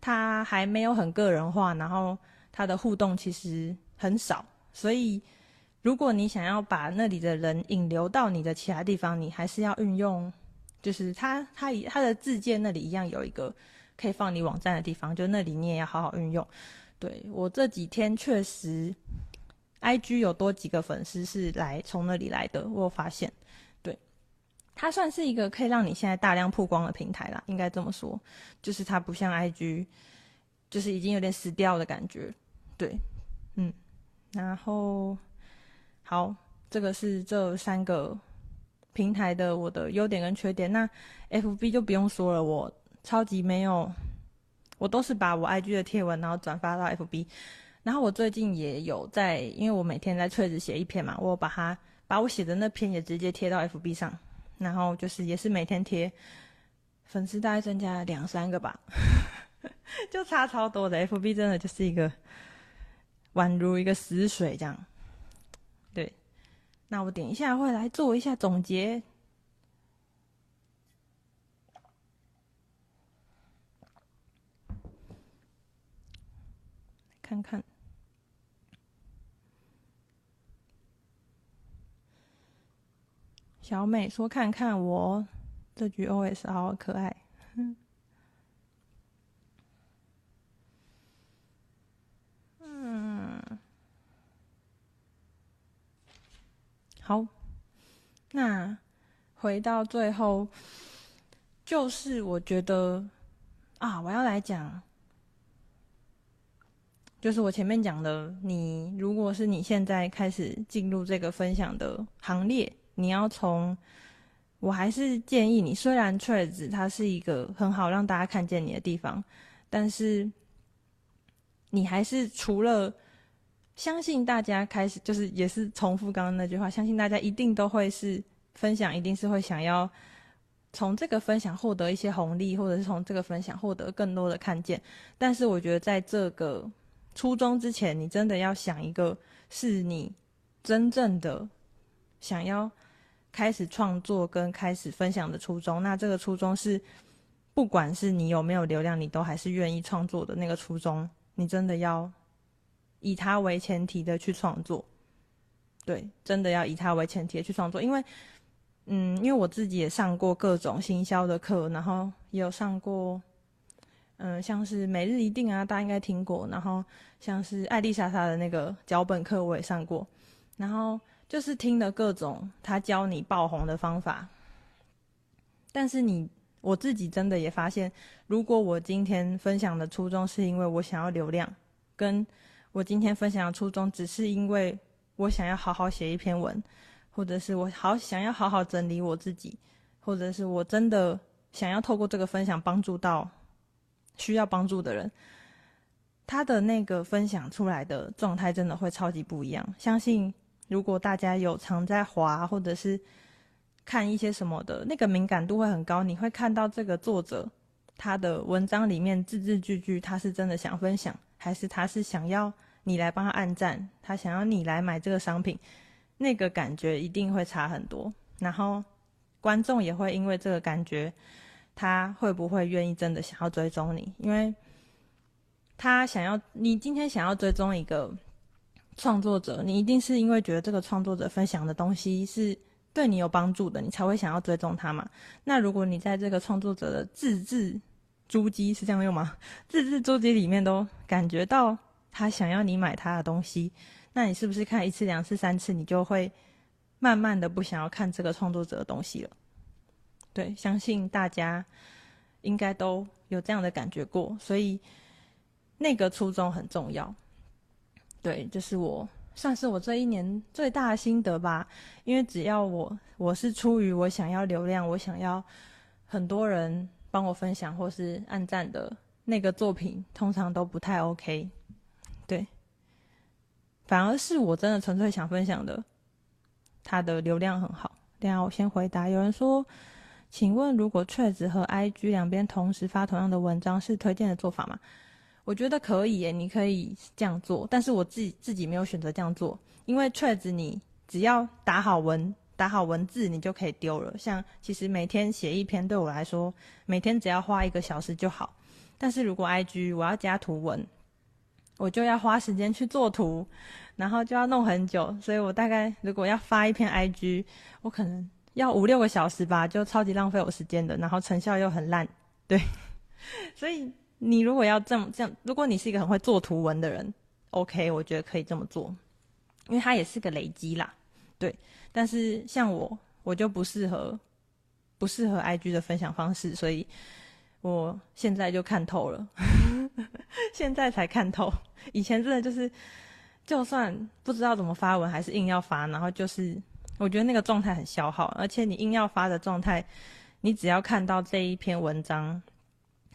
他還沒有很個人化，然後他的互動其實很少。所以，如果你想要把那裡的人引流到你的其他地方，你還是要運用，就是他以他，他的自薦那裡一樣有一個可以放你網站的地方，就那裡你也要好好運用。對，我這幾天確實，IG 有多幾個粉絲是來從那裡來的，我有發現。它算是一個可以讓你現在大量曝光的平台啦，應該這麼說，就是它不像 IG，就是已經有點死掉的感覺，對，嗯，然後好，這個是這三個平台的我的優點跟缺點。那 FB 就不用說了，我超級沒有，我都是把我 IG 的貼文然後轉發到 FB，然後我最近也有在，因為我每天在 Threads 寫一篇嘛，我把它把我寫的那篇也直接貼到 FB 上。然後就是也是每天貼，粉絲大概增加了兩三個吧，就差超多的。FB 真的就是一個宛如一個死水這樣，對。那我等一下會來做一下總結，看看。小美說：“看看我這局 OS，好可愛。”嗯，好。那回到最後，就是我覺得啊，我要來講，就是我前面講的，你如果是你現在開始進入這個分享的行列。你要從，我還是建議你，雖然 Threads 它是一個很好讓大家看見你的地方，但是你還是除了相信大家開始，就是也是重複剛剛那句話，相信大家一定都會是分享，一定是會想要從這個分享獲得一些紅利，或者是從這個分享獲得更多的看見。但是我覺得，在這個初衷之前，你真的要想一個是你真正的想要。開始創作跟開始分享的初衷，那這個初衷是，不管是你有沒有流量，你都還是願意創作的那個初衷。你真的要以它為前提的去創作，對，真的要以它為前提的去創作。因為，嗯，因為我自己也上過各種行銷的課，然後也有上過，嗯、呃，像是每日一定啊，大家應該聽過，然後像是愛莉莎莎的那個腳本課我也上過，然後。就是聽了各種他教你爆紅的方法，但是你我自己真的也發現，如果我今天分享的初衷是因為我想要流量，跟我今天分享的初衷只是因為我想要好好寫一篇文，或者是我好想要好好整理我自己，或者是我真的想要透過這個分享幫助到需要幫助的人，他的那個分享出來的狀態真的會超級不一樣，相信。如果大家有常在滑，或者是看一些什麼的，那個敏感度會很高。你會看到這個作者他的文章裡面字字句句，他是真的想分享，還是他是想要你來幫他按讚，他想要你來買這個商品，那個感覺一定會差很多。然後觀眾也會因為這個感覺，他會不會願意真的想要追蹤你？因為他想要，你今天想要追蹤一個。創作者，你一定是因為覺得這個創作者分享的東西是對你有幫助的，你才會想要追蹤他嘛？那如果你在這個創作者的字字珠璣，是這樣用嗎？字字珠璣裡面都感覺到他想要你買他的東西，那你是不是看一次、兩次、三次，你就會慢慢的不想要看這個創作者的東西了？對，相信大家應該都有這樣的感覺過，所以那個初衷很重要。對，就是我，算是我這一年最大的心得吧。因為只要我，我是出於我想要流量，我想要很多人幫我分享或是按讚的那個作品，通常都不太 OK。對，反而是我真的純粹想分享的，它的流量很好。等下我先回答，有人說，請問如果 t 子和 IG 兩邊同時發同樣的文章，是推薦的做法嗎？我覺得可以耶、欸，你可以這樣做，但是我自己自己沒有選擇這樣做，因為 Threads 你只要打好文、打好文字，你就可以丟了。像其實每天寫一篇對我來說，每天只要花一個小時就好。但是如果 IG 我要加圖文，我就要花時間去做圖，然後就要弄很久，所以我大概如果要發一篇 IG，我可能要五六個小時吧，就超級浪費我時間的，然後成效又很爛，對， 所以。你如果要這麼這樣，如果你是一個很會做圖文的人，OK，我覺得可以這麼做，因為它也是個累積啦，對。但是像我，我就不適合，不適合 IG 的分享方式，所以我現在就看透了， 現在才看透，以前真的就是，就算不知道怎麼發文，還是硬要發，然後就是我覺得那個狀態很消耗，而且你硬要發的狀態，你只要看到這一篇文章，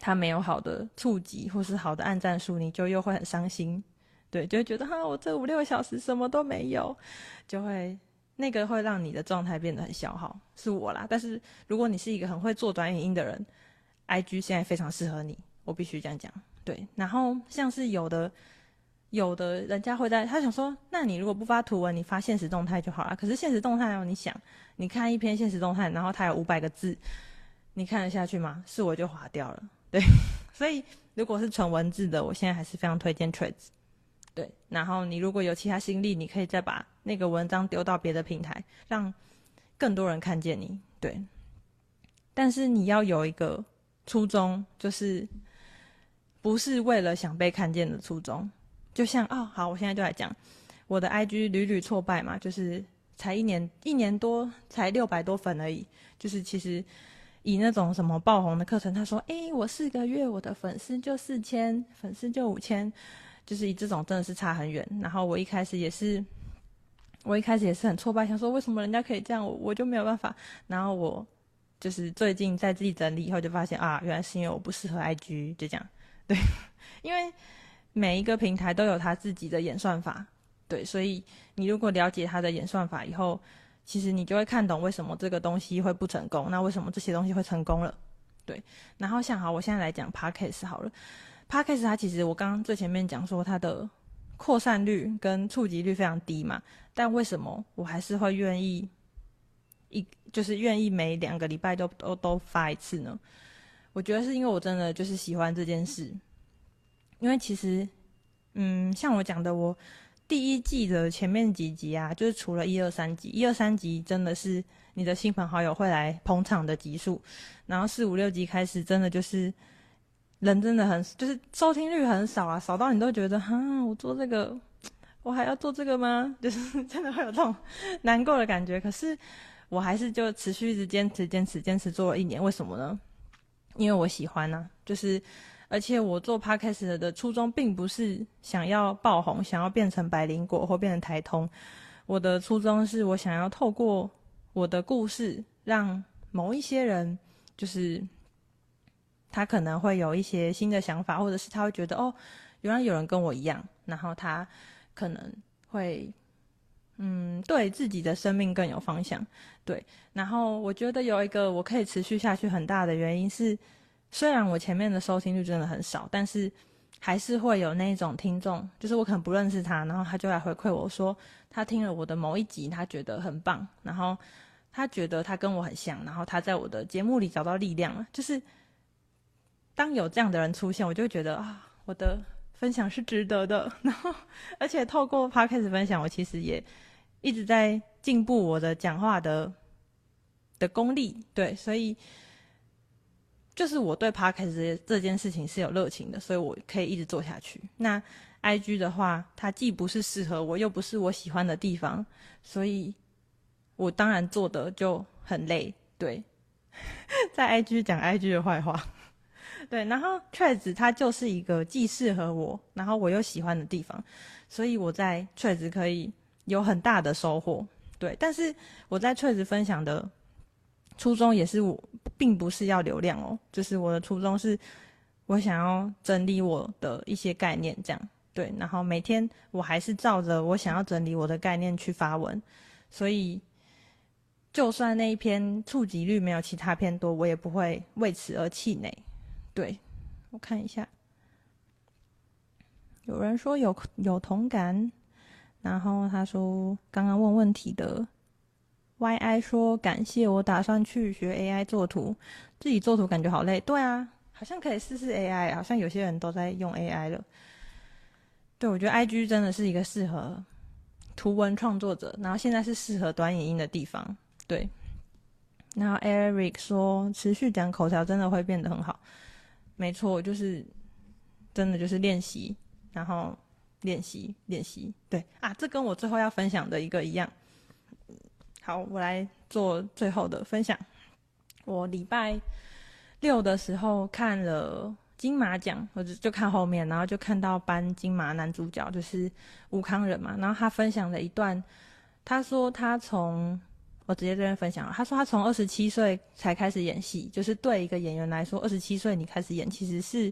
他沒有好的觸及，或是好的按讚數，你就又會很傷心，對，就會覺得哈、啊，我這五六小時什麼都沒有，就會那個會讓你的狀態變得很消耗，是我啦。但是如果你是一個很會做短影音的人，IG 現在非常適合你，我必須這樣講，對。然後像是有的有的人家會在他想說，那你如果不發圖文，你發限時動態就好了。可是限時動態，哦，你想你看一篇限時動態，然後它有五百個字，你看得下去嗎？是我就滑掉了。對，所以如果是純文字的，我現在還是非常推薦 Threads。對，然後你如果有其他心力，你可以再把那個文章丟到別的平台，讓更多人看見你。對，但是你要有一個初衷，就是不是為了想被看見的初衷。就像，哦，好，我現在就來講我的 IG 屢，屢屢挫敗嘛，就是才一年一年多，才六百多粉而已，就是其實。以那種什麼爆紅的課程，他說：“哎，我四個月，我的粉絲就四千，粉絲就五千，就是以這種真的是差很遠。”然後我一開始也是，我一開始也是很挫敗，想說為什麼人家可以這樣，我我就沒有辦法。然後我就是最近在自己整理以後，就發現啊，原來是因為我不適合 IG，就這樣。對，因為每一個平台都有他自己的演算法，對，所以你如果了解他的演算法以後。其實你就會看懂為什麼這個東西會不成功，那為什麼這些東西會成功了？對。然後像好，我現在來講 podcast 好了，podcast 它其實我剛剛最前面講說它的擴散率跟觸及率非常低嘛，但為什麼我還是會願意一就是願意每兩個禮拜都都都發一次呢？我覺得是因為我真的就是喜歡這件事，因為其實嗯，像我講的我。第一季的前面幾集啊，就是除了一二三集，一二三集真的是你的新朋好友會來捧場的集數，然後四五六集開始，真的就是人真的很就是收聽率很少啊，少到你都覺得哈、嗯，我做這個，我還要做這個嗎？就是真的會有這種難過的感覺。可是我還是就持續一直堅持堅持堅持做了一年，為什麼呢？因為我喜歡啊，就是。而且我做 podcast 的初衷，並不是想要爆紅，想要變成百靈果或變成台通。我的初衷是我想要透過我的故事，讓某一些人，就是他可能會有一些新的想法，或者是他會覺得哦，原來有人跟我一樣，然後他可能會嗯，對自己的生命更有方向。對，然後我覺得有一個我可以持續下去很大的原因是。雖然我前面的收聽率真的很少，但是還是會有那種聽眾，就是我可能不認識他，然後他就來回饋我說，他聽了我的某一集，他覺得很棒，然後他覺得他跟我很像，然後他在我的節目裡找到力量了。就是當有這樣的人出現，我就會覺得啊，我的分享是值得的。然後而且透過 Podcast 分享，我其實也一直在進步我的講話的的功力。對，所以。就是我對 podcast 這件事情是有熱情的，所以我可以一直做下去。那 IG 的話，它既不是適合我，又不是我喜歡的地方，所以我當然做的就很累。對， 在 IG 講 IG 的壞話。對，然後 Threads 它就是一個既適合我，然後我又喜歡的地方，所以我在 Threads 可以有很大的收穫。對，但是我在 Threads 分享的。初衷也是我，並不是要流量哦，就是我的初衷是，我想要整理我的一些概念，這樣，對。然後每天我還是照着我想要整理我的概念去發文，所以就算那一篇觸及率沒有其他篇多，我也不會為此而氣餒。對，我看一下，有人說有有同感，然後他說剛剛問問題的。YI 說感謝我，打算去學 AI 做圖，自己做圖感覺好累。對啊，好像可以試試 AI，好像有些人都在用 AI 了。對，我覺得 IG 真的是一個適合圖文創作者，然後現在是適合短影音的地方。對，然後 Eric 說持續講口才真的會變得很好。沒錯，就是真的就是練習，然後練習練習。對啊，這跟我最後要分享的一個一樣。好，我來做最後的分享。我禮拜六的時候看了金馬獎，我就就看後面，然後就看到頒金馬男主角就是吳慷仁嘛。然後他分享了一段，他說他從我直接這邊分享啊。他說他從二十七歲才開始演戲，就是對一個演員來說，二十七歲你開始演其實是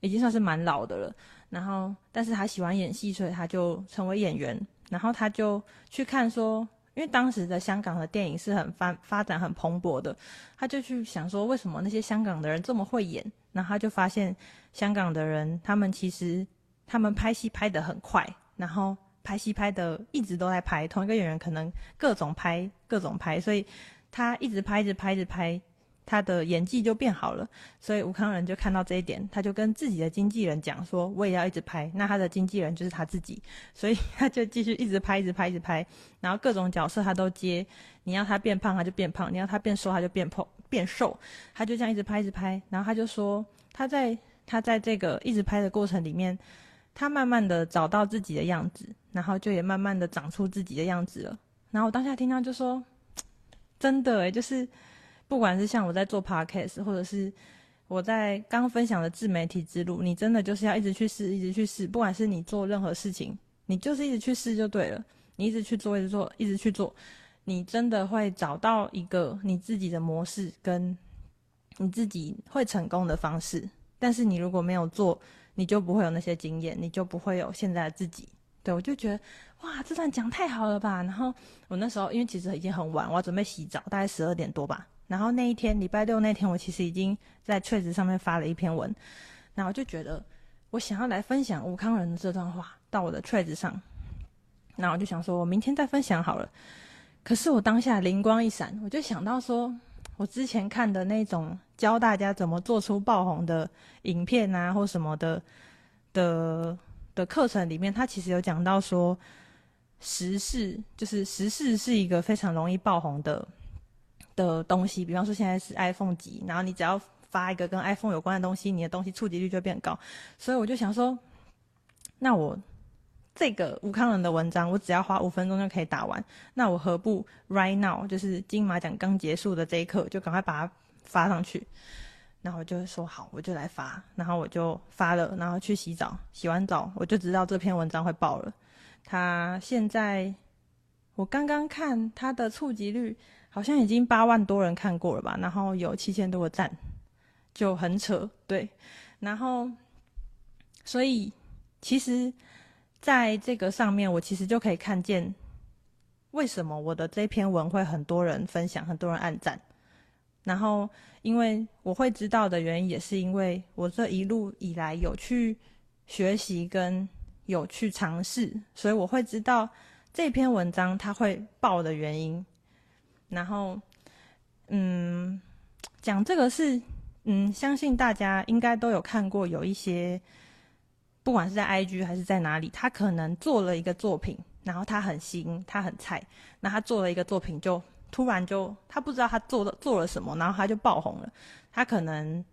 已經算是蠻老的了。然後但是他喜歡演戲，所以他就成為演員，然後他就去看說。因為當時的香港的電影是很發發展很蓬勃的，他就去想說為什麼那些香港的人這麼會演，然後他就發現香港的人他們其實他們拍戲拍得很快，然後拍戲拍得一直都在拍，同一個演員可能各種拍各種拍，所以他一直拍一直拍一直拍，一直拍一直拍他的演技就變好了，所以吳慷仁就看到這一點，他就跟自己的經紀人講說：“我也要一直拍。”那他的經紀人就是他自己，所以他就繼續一直拍，一直拍，一直拍。然後各種角色他都接，你要他變胖他就變胖，你要他變瘦他就變胖變瘦。他就這樣一直拍，一直拍。然後他就說：“他在他在這個一直拍的過程裡面，他慢慢的找到自己的樣子，然後就也慢慢的長出自己的樣子了。”然後我當下聽到就說：“真的欸，就是。”不管是像我在做 Podcast，或者是我在剛分享的自媒體之路，你真的就是要一直去試，一直去試。不管是你做任何事情，你就是一直去試就對了。你一直去做，一直做，一直去做，你真的會找到一個你自己的模式跟你自己會成功的方式。但是你如果沒有做，你就不會有那些經驗，你就不會有現在的自己。對，我就覺得哇，這段講太好了吧。然後我那時候，因為其實已經很晚，我要準備洗澡，大概十二點多吧。然後那一天，禮拜六那天，我其實已經在 Threads 上面發了一篇文，然後就覺得我想要來分享吳康仁的這段話到我的 Threads 上，然後我就想說，我明天再分享好了。可是我當下靈光一閃，我就想到說，我之前看的那種教大家怎麼做出爆紅的影片啊或什麼的的的課程裡面，他其實有講到說，時事就是時事是一個非常容易爆紅的。的東西，比方說現在是 iPhone 級，然後你只要發一個跟 iPhone 有關的東西，你的東西觸及率就變高。所以我就想說，那我這個吳慷仁的文章，我只要花五分鐘就可以打完，那我何不 right now，就是金馬獎剛結束的這一刻，就趕快把它發上去。然後我就說好，我就來發，然後我就發了，然後去洗澡，洗完澡我就知道這篇文章會爆了。它現在我剛剛看它的觸及率。好像已經八萬多人看過了吧，然後有七千多個讚，就很扯，對。然後，所以，其實，在這個上面，我其實就可以看見為什麼我的這篇文會很多人分享，很多人按讚。然後，因為我會知道的原因，也是因為我這一路以來有去學習跟有去嘗試，所以我會知道這篇文章它會爆的原因。然後，嗯，講這個是，嗯，相信大家應該都有看過，有一些，不管是在 IG 還是在哪裡，他可能做了一個作品，然後他很新，他很菜，那他做了一個作品就，就突然就他不知道他做的做了什麼，然後他就爆紅了，他可能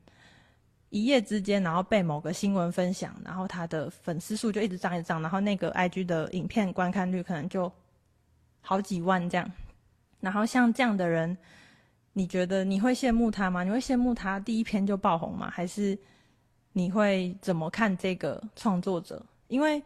一夜之間，然後被某個新聞分享，然後他的粉絲數就一直漲一漲，然後那個 IG 的影片觀看率可能就好幾萬這樣。然後像這樣的人，你覺得你會羨慕他嗎？你會羨慕他第一篇就爆紅嗎？還是你會怎麼看這個創作者？因為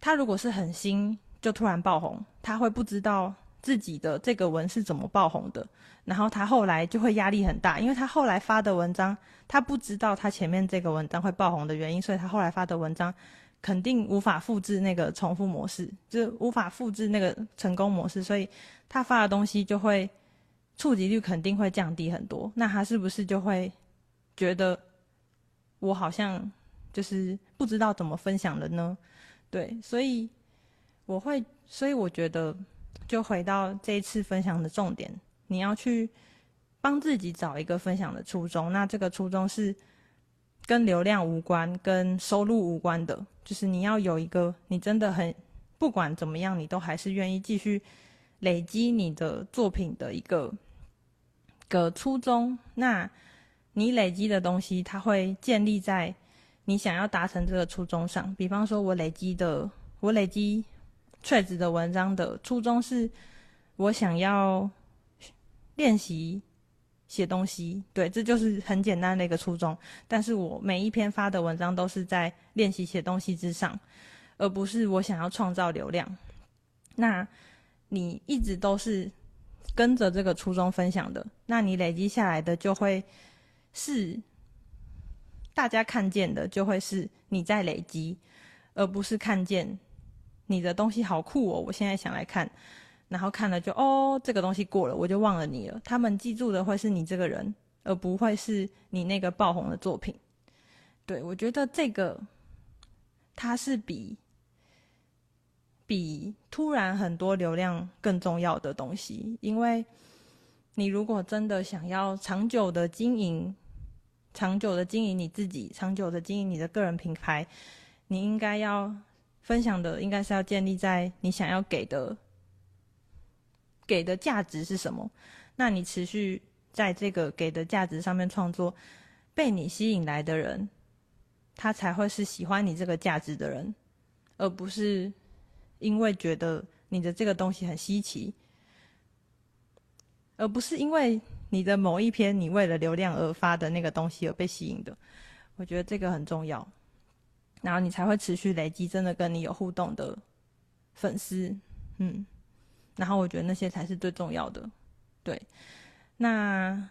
他如果是很新就突然爆紅，他會不知道自己的這個文是怎麼爆紅的，然後他後來就會壓力很大，因為他後來發的文章，他不知道他前面這個文章會爆紅的原因，所以他後來發的文章。肯定無法複製那個重複模式，就無法複製那個成功模式，所以他發的東西就會觸及率肯定會降低很多。那他是不是就會覺得我好像就是不知道怎麼分享了呢？對，所以我會，所以我覺得就回到這一次分享的重點，你要去幫自己找一個分享的初衷。那這個初衷是。跟流量無關，跟收入無關的，就是你要有一個你真的很不管怎麼樣，你都還是願意繼續累積你的作品的一個個初衷。那你累積的東西，它會建立在你想要達成這個初衷上。比方說，我累積的，我累積 Threads 的文章的初衷是我想要練習。寫東西，對，這就是很簡單的一個初衷。但是我每一篇發的文章都是在練習寫東西之上，而不是我想要創造流量。那，你一直都是跟着這個初衷分享的，那你累積下來的就會是大家看見的，就會是你在累積，而不是看見你的東西好酷哦，我現在想來看。然後看了就哦，這個東西過了，我就忘了你了。他們記住的會是你這個人，而不會是你那個爆紅的作品。對，我覺得這個，它是比比突然很多流量更重要的東西，因為你如果真的想要長久的經營，長久的經營你自己，長久的經營你的個人品牌，你應該要分享的，應該是要建立在你想要給的。給的價值是什麼？那你持續在這個給的價值上面創作，被你吸引來的人，他才會是喜歡你這個價值的人，而不是因為覺得你的這個東西很稀奇，而不是因為你的某一篇你為了流量而發的那個東西而被吸引的。我覺得這個很重要，然後你才會持續累積真的跟你有互動的粉絲，嗯。然後我覺得那些才是最重要的，對。那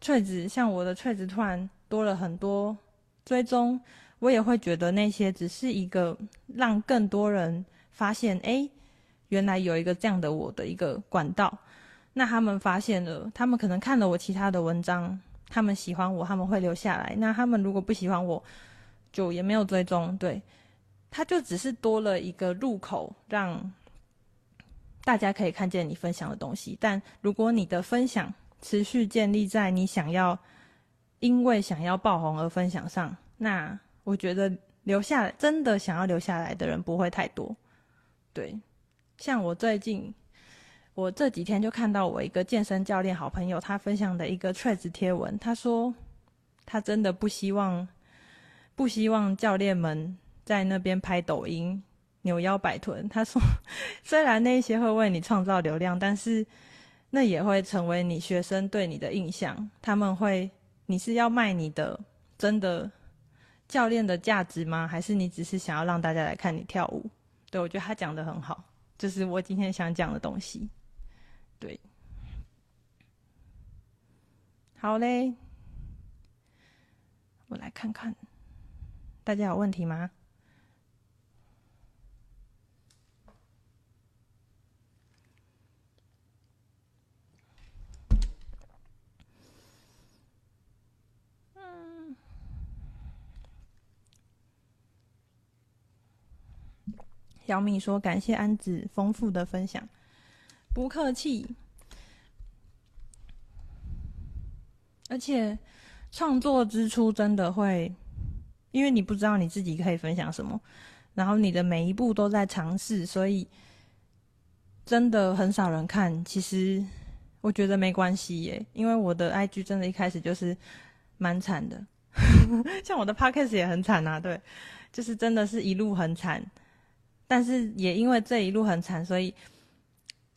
翠子，像我的翠子，突然多了很多追蹤，我也會覺得那些只是一個讓更多人發現，哎，原來有一個這樣的我的一個管道。那他們發現了，他們可能看了我其他的文章，他們喜歡我，他們會留下來。那他們如果不喜歡我，就也沒有追蹤，對。他就只是多了一個入口，讓。大家可以看見你分享的東西，但如果你的分享持續建立在你想要因為想要爆紅而分享上，那我覺得留下來真的想要留下來的人不會太多。對，像我最近，我這幾天就看到我一個健身教練好朋友他分享的一個 Threads 貼文，他說他真的不希望不希望教練們在那邊拍抖音。扭腰擺臀，他說：“雖然那些會為你創造流量，但是那也會成為你學生對你的印象。他們會，你是要賣你的真的教練的價值嗎？還是你只是想要讓大家來看你跳舞？”對，我覺得他講的很好，這、就是我今天想講的東西。對，好嘞，我來看看大家有問題嗎？小米說：“感謝安子豐富的分享，不客氣。而且創作之初真的會，因為你不知道你自己可以分享什麼，然後你的每一步都在嘗試，所以真的很少人看。其實我覺得沒關係耶，因為我的 IG 真的一開始就是蠻慘的， 像我的 Podcast 也很慘啊，對，就是真的是一路很慘。”但是也因為這一路很慘，所以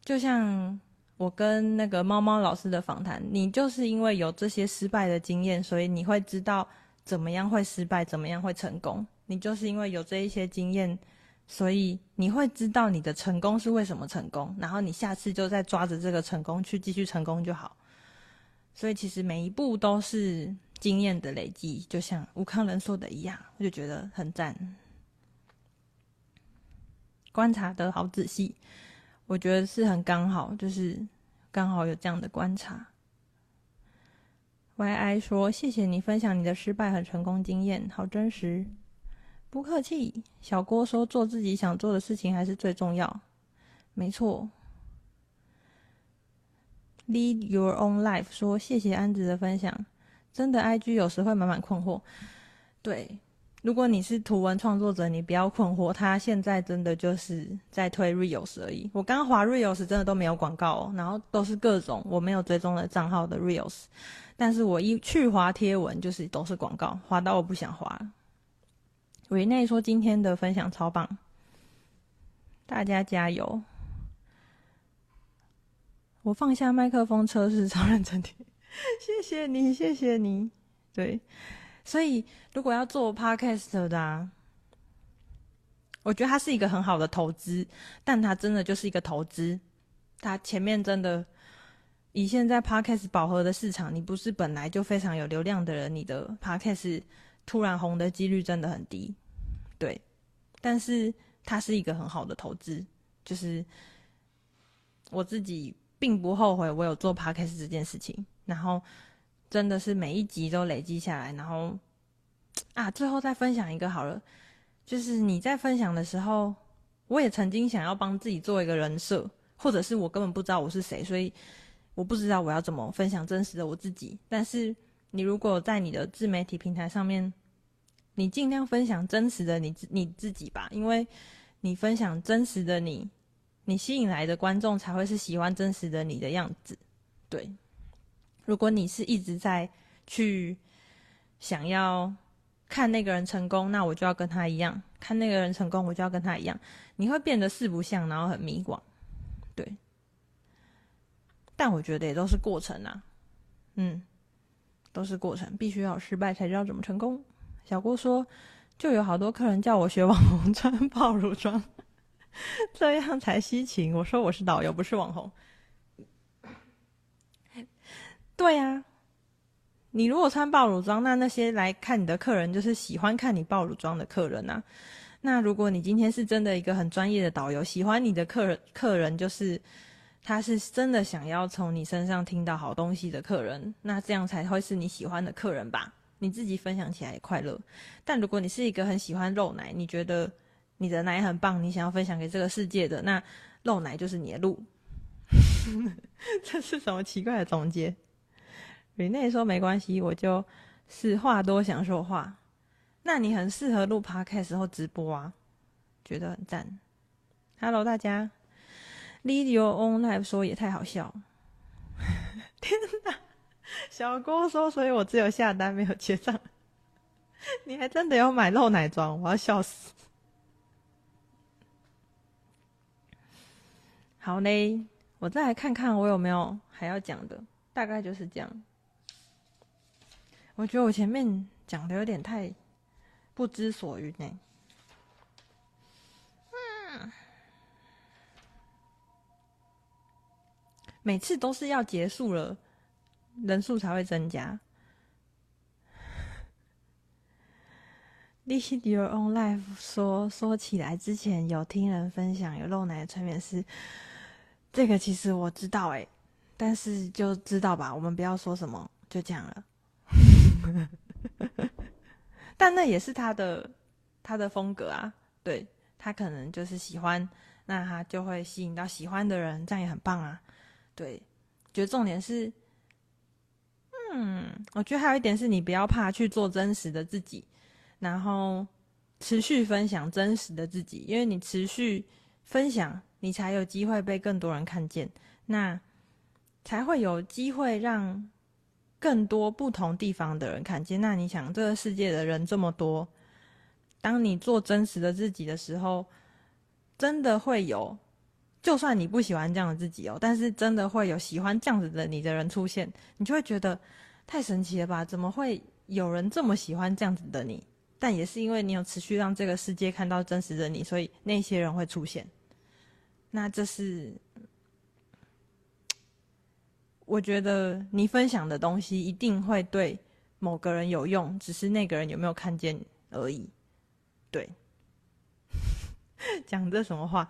就像我跟那個貓貓老師的訪談，你就是因為有這些失敗的經驗，所以你會知道怎麼樣會失敗，怎麼樣會成功。你就是因為有這一些經驗，所以你會知道你的成功是為什麼成功，然後你下次就再抓着這個成功去繼續成功就好。所以其實每一步都是經驗的累積，就像吳康仁說的一樣，我就覺得很讚。觀察得好仔細，我覺得是很剛好，就是剛好有這樣的觀察。YI 說：“謝謝你分享你的失敗和成功經驗，好真實。”不客氣。小郭說：“做自己想做的事情還是最重要。”沒錯。Lead your own life 說：“謝謝安子的分享，真的 IG 有時會滿滿困惑。”對。如果你是圖文創作者，你不要困惑，他現在真的就是在推 Reels 而已。我剛剛滑 Reels 真的都沒有廣告，哦，然後都是各種我沒有追蹤的賬號的 Reels。但是我一去滑貼文，就是都是廣告，滑到我不想滑。維內說今天的分享超棒，大家加油！我放下麥克風車，車是超認真聽， 謝謝你，謝謝你，對。所以，如果要做 Podcast 的啊，我覺得它是一個很好的投資，但它真的就是一個投資。它前面真的以現在 Podcast 飽和的市場，你不是本來就非常有流量的人，你的 Podcast 突然紅的幾率真的很低。對，但是它是一個很好的投資，就是我自己並不後悔我有做 Podcast 這件事情，然後。真的是每一集都累積下來，然後啊，最後再分享一個好了，就是你在分享的時候，我也曾經想要幫自己做一個人設，或者是我根本不知道我是誰，所以我不知道我要怎麼分享真實的我自己。但是你如果在你的自媒體平台上面，你盡量分享真實的你，你自己吧，因為你分享真實的你，你吸引來的觀眾才會是喜歡真實的你的樣子，對。如果你是一直在去想要看那個人成功，那我就要跟他一樣，看那個人成功，我就要跟他一樣，你會變得四不像，然後很迷惘，對。但我覺得也都是過程啊，嗯，都是過程，必須要失敗才知道怎麼成功。小郭說，就有好多客人叫我學網紅穿暴露裝，這樣才吸睛，我說我是導遊，不是網紅。對啊，你如果穿爆乳裝，那那些來看你的客人就是喜歡看你爆乳裝的客人吶、啊。那如果你今天是真的一個很專業的導遊，喜歡你的客人，客人就是他是真的想要從你身上聽到好東西的客人，那這樣才會是你喜歡的客人吧？你自己分享起來也快樂。但如果你是一個很喜歡肉奶，你覺得你的奶很棒，你想要分享給這個世界的，那肉奶就是你的路。 這是什麼奇怪的總結？你那時候沒關係，我就是話多想說話。那你很適合錄 podcast 或直播啊，覺得很讚。Hello 大家，Lead Your Own Life 說也太好笑。 天哪，小郭說，所以我只有下單沒有結賬。 你還真的要買漏奶裝？我要笑死。好嘞，我再來看看我有沒有還要講的，大概就是這樣。我覺得我前面講的有點太不知所云呢、欸。每次都是要結束了，人數才會增加。Live your own life 說。說說起來，之前有聽人分享有露奶的催眠師，這個其實我知道哎、欸，但是就知道吧，我們不要說什麼，就這樣了。 但那也是他的，他的風格啊，對，他可能就是喜歡，那他就會吸引到喜歡的人，這樣也很棒啊。對，覺得重點是，嗯，我覺得還有一點是你不要怕去做真實的自己，然後持續分享真實的自己，因為你持續分享，你才有機會被更多人看見，那才會有機會讓。更多不同地方的人看見。那你想，這個世界的人這麼多，當你做真實的自己的時候，真的會有，就算你不喜歡這樣的自己哦，但是真的會有喜歡這樣子的你的人出現，你就會覺得太神奇了吧？怎麼會有人這麼喜歡這樣子的你？但也是因為你有持續讓這個世界看到真實的你，所以那些人會出現。那這是。我覺得你分享的東西一定會對某個人有用，只是那個人有沒有看見而已。對， 講這什麼話？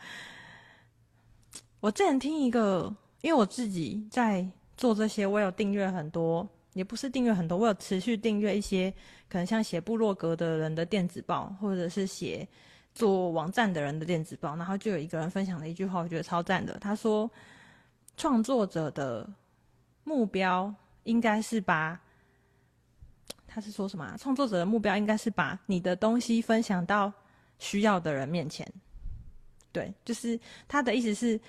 我之前聽一個，因為我自己在做這些，我有訂閱很多，也不是訂閱很多，我有持續訂閱一些可能像寫部落格的人的電子報，或者是寫做網站的人的電子報，然後就有一個人分享了一句話，我覺得超讚的。他說：“創作者的。”目標應該是把，他是說什麼啊？創作者的目標應該是把你的東西分享到需要的人面前。對，就是他的意思是，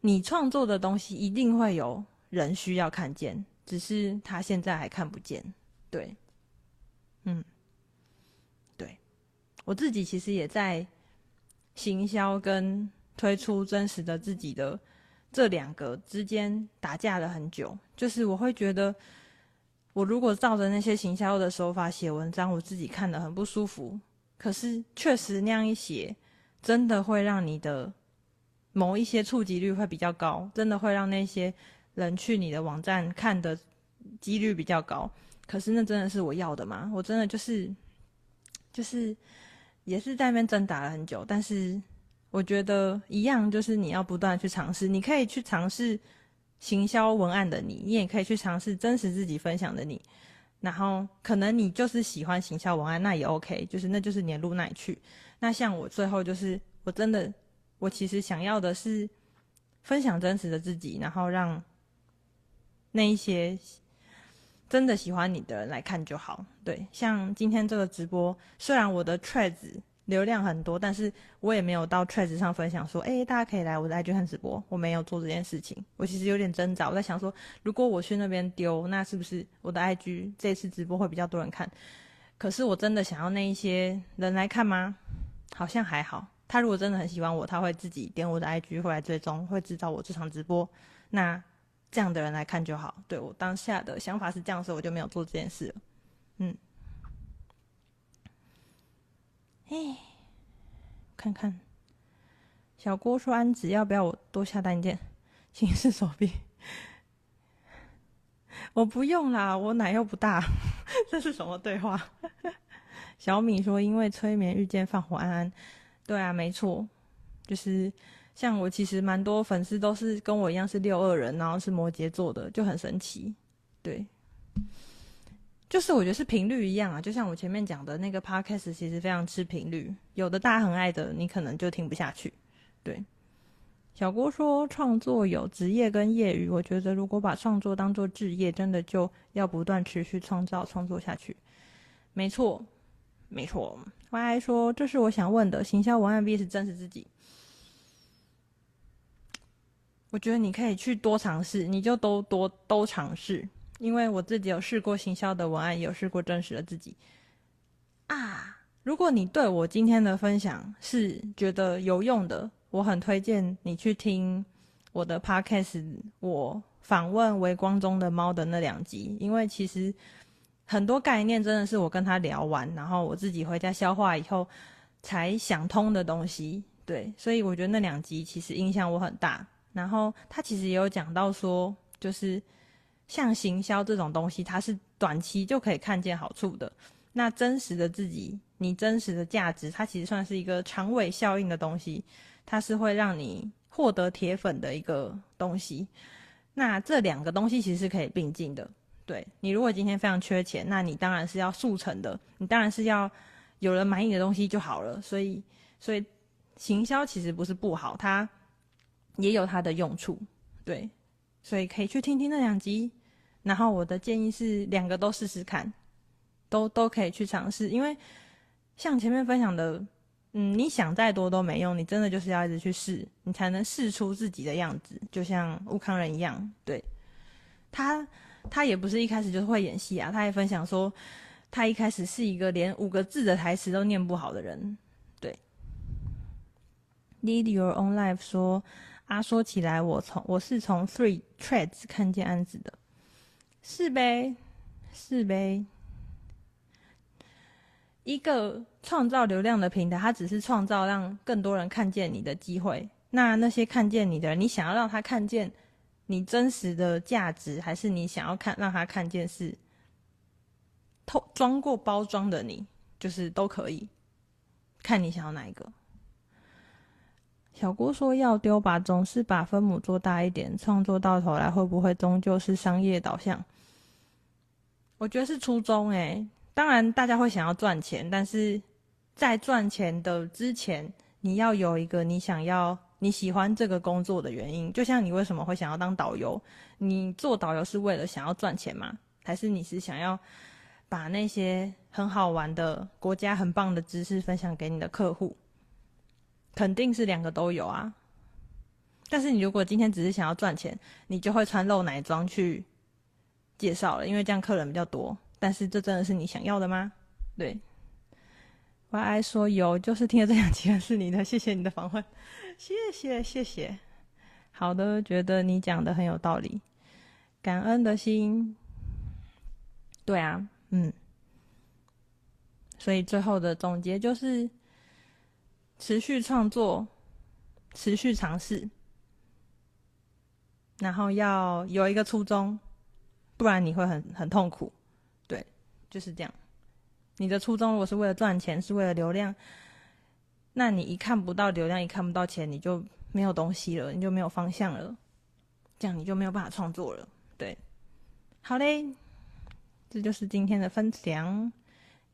你創作的東西一定會有人需要看見，只是他現在還看不見。對，嗯，對，我自己其實也在行銷跟推出真實的自己的。這兩個之間打架了很久，就是我會覺得，我如果照着那些行銷的手法寫文章，我自己看得很不舒服。可是確實那樣一寫，真的會讓你的某一些觸及率會比較高，真的會讓那些人去你的網站看的幾率比較高。可是那真的是我要的嗎？我真的就是就是也是在那邊掙扎了很久，但是。我覺得一樣，就是你要不斷去嘗試。你可以去嘗試行銷文案的你，你也可以去嘗試真實自己分享的你。然後可能你就是喜歡行銷文案，那也 OK，就是那就是年入哪去。那像我最後就是，我真的，我其實想要的是分享真實的自己，然後讓那一些真的喜歡你的人來看就好。對，像今天這個直播，雖然我的 Threads 流量很多，但是我也沒有到 Threads 上分享說，誒，大家可以來我的 IG 看直播，我沒有做這件事情。我其實有點掙扎，我在想說，如果我去那邊丟，那是不是我的 IG 這次直播會比較多人看？可是我真的想要那一些人來看嗎？好像還好，他如果真的很喜歡我，他會自己點我的 IG 會來追蹤，會知道我這場直播，那這樣的人來看就好。對，我當下的想法是這樣，的時候我就沒有做這件事了。嗯。哎、欸，看看，小郭說，安子，要不要我多下單一件？顯示手臂，我不用啦，我奶又不大。 這是什麼對話？小米說，因為催眠遇見放火，安安。對啊，沒錯，就是像我，其實蠻多粉絲都是跟我一樣是六二人，然後是摩羯座的，就很神奇。對。就是我覺得是頻率一樣啊，就像我前面講的那個 podcast，其實非常吃頻率。有的大家很愛的，你可能就聽不下去。對，小郭說創作有職業跟業餘，我覺得如果把創作當做職業，真的就要不斷持續創造創作下去。沒錯，沒錯。YI 說這是我想問的，行銷文案 B 是真實自己。我覺得你可以去多嘗試，你就都多都、都、都嘗試。因為我自己有試過行銷的文案，也有試過真實的自己啊。如果你對我今天的分享是覺得有用的，我很推薦你去聽我的 podcast，我訪問《微光中的貓》的那兩集。因為其實很多概念真的是我跟他聊完，然後我自己回家消化以後才想通的東西。對，所以我覺得那兩集其實影響我很大。然後他其實也有講到說，就是。像行銷這種東西，它是短期就可以看見好處的。那真實的自己，你真實的價值，它其實算是一個長尾效應的東西，它是會讓你獲得鐵粉的一個東西。那這兩個東西其實是可以並進的。對，你如果今天非常缺錢，那你當然是要速成的，你當然是要有人買你的東西就好了。所以，所以行銷其實不是不好，它也有它的用處。對，所以可以去聽聽那兩集。然後我的建議是，兩個都試試看，都都可以去嘗試。因為像前面分享的，嗯，你想再多都沒用，你真的就是要一直去試，你才能試出自己的樣子。就像吳慷仁一樣，對。他，他也不是一開始就是會演戲啊。他也分享說，他一開始是一個連五個字的台詞都念不好的人。對，Lead your own life 說啊，說起來，我從我是從 Threads 看見安子的。是唄，是唄。一個創造流量的平台，它只是創造讓更多人看見你的機會。那那些看見你的人，你想要讓他看見你真實的價值，還是你想要看，讓他看見是透裝過包裝的你，就是都可以。看你想要哪一個。小郭說：“要丟吧，總是把分母做大一點。創作到頭來會不會終究是商業導向？我覺得是初衷。誒，當然大家會想要賺錢，但是在賺錢的之前，你要有一個你想要、你喜歡這個工作的原因。就像你為什麼會想要當導遊？你做導遊是為了想要賺錢嗎？還是你是想要把那些很好玩的國家、很棒的知識分享給你的客戶？”肯定是兩個都有啊，但是你如果今天只是想要賺錢，你就會穿露奶裝去介紹了，因為這樣客人比較多。但是這真的是你想要的嗎？對，YI 說有，就是聽了這兩期的是你的，謝謝你的訪問，謝謝謝謝。好的，覺得你講的很有道理，感恩的心。對啊，嗯，所以最後的總結就是。持續創作，持續嘗試，然後要有一個初衷，不然你會很很痛苦。對，就是這樣。你的初衷如果是為了賺錢，是為了流量，那你一看不到流量，一看不到錢，你就沒有東西了，你就沒有方向了，這樣你就沒有辦法創作了。對，好嘞，這就是今天的分享。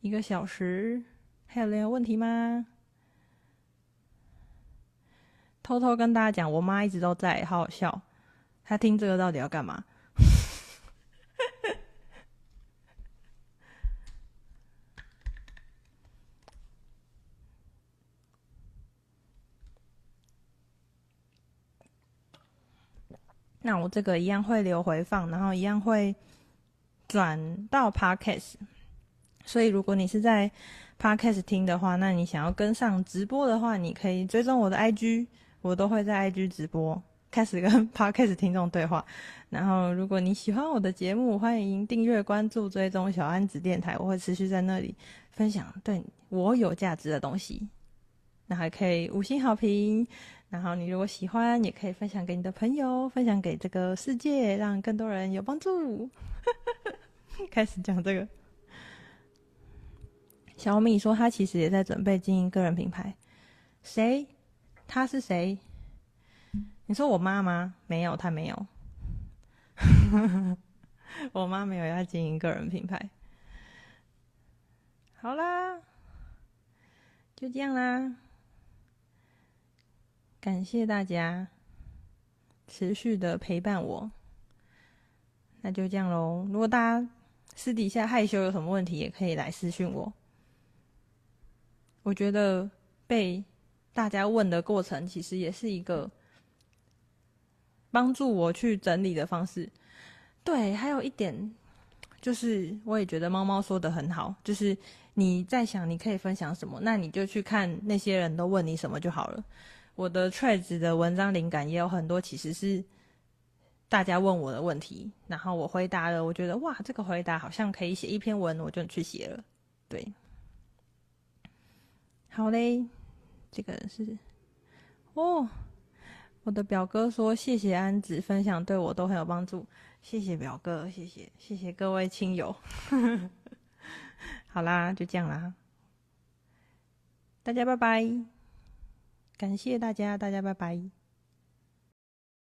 一個小時，還有沒有問題嗎？偷偷跟大家講，我媽一直都在，好好笑。她聽這個到底要幹嘛？ 那我這個一樣會留回放，然後一樣會轉到 Podcast。所以，如果你是在 Podcast 聽的話，那你想要跟上直播的話，你可以追蹤我的 IG。我都會在 IG 直播開始跟 Podcast 聽眾對話，然後如果你喜歡我的節目，歡迎訂閱、關注、追蹤小安子電台，我會持續在那裡分享對我有價值的東西。那還可以五星好評，然後你如果喜歡，也可以分享給你的朋友，分享給這個世界，讓更多人有幫助。 開始講這個，小米說他其實也在準備經營個人品牌，誰？他是誰？你說我媽嗎？沒有，他沒有。 我媽沒有要經營個人品牌。好啦，就這樣啦。感謝大家持續的陪伴我。那就這樣嘍。如果大家私底下害羞，有什麼問題，也可以來私訊我。我覺得被。大家問的過程，其實也是一個幫助我去整理的方式。對，還有一點就是，我也覺得貓貓說得很好，就是你在想你可以分享什麼，那你就去看那些人都問你什麼就好了。我的 Threads 的文章靈感也有很多，其實是大家問我的問題，然後我回答了，我覺得哇，這個回答好像可以寫一篇文，我就去寫了。對，好嘞。這個是，哦，我的表哥說，謝謝安子分享，對我都很有幫助。謝謝表哥，謝謝謝謝各位親友， 好啦，就這樣啦，大家拜拜，感謝大家，大家拜拜。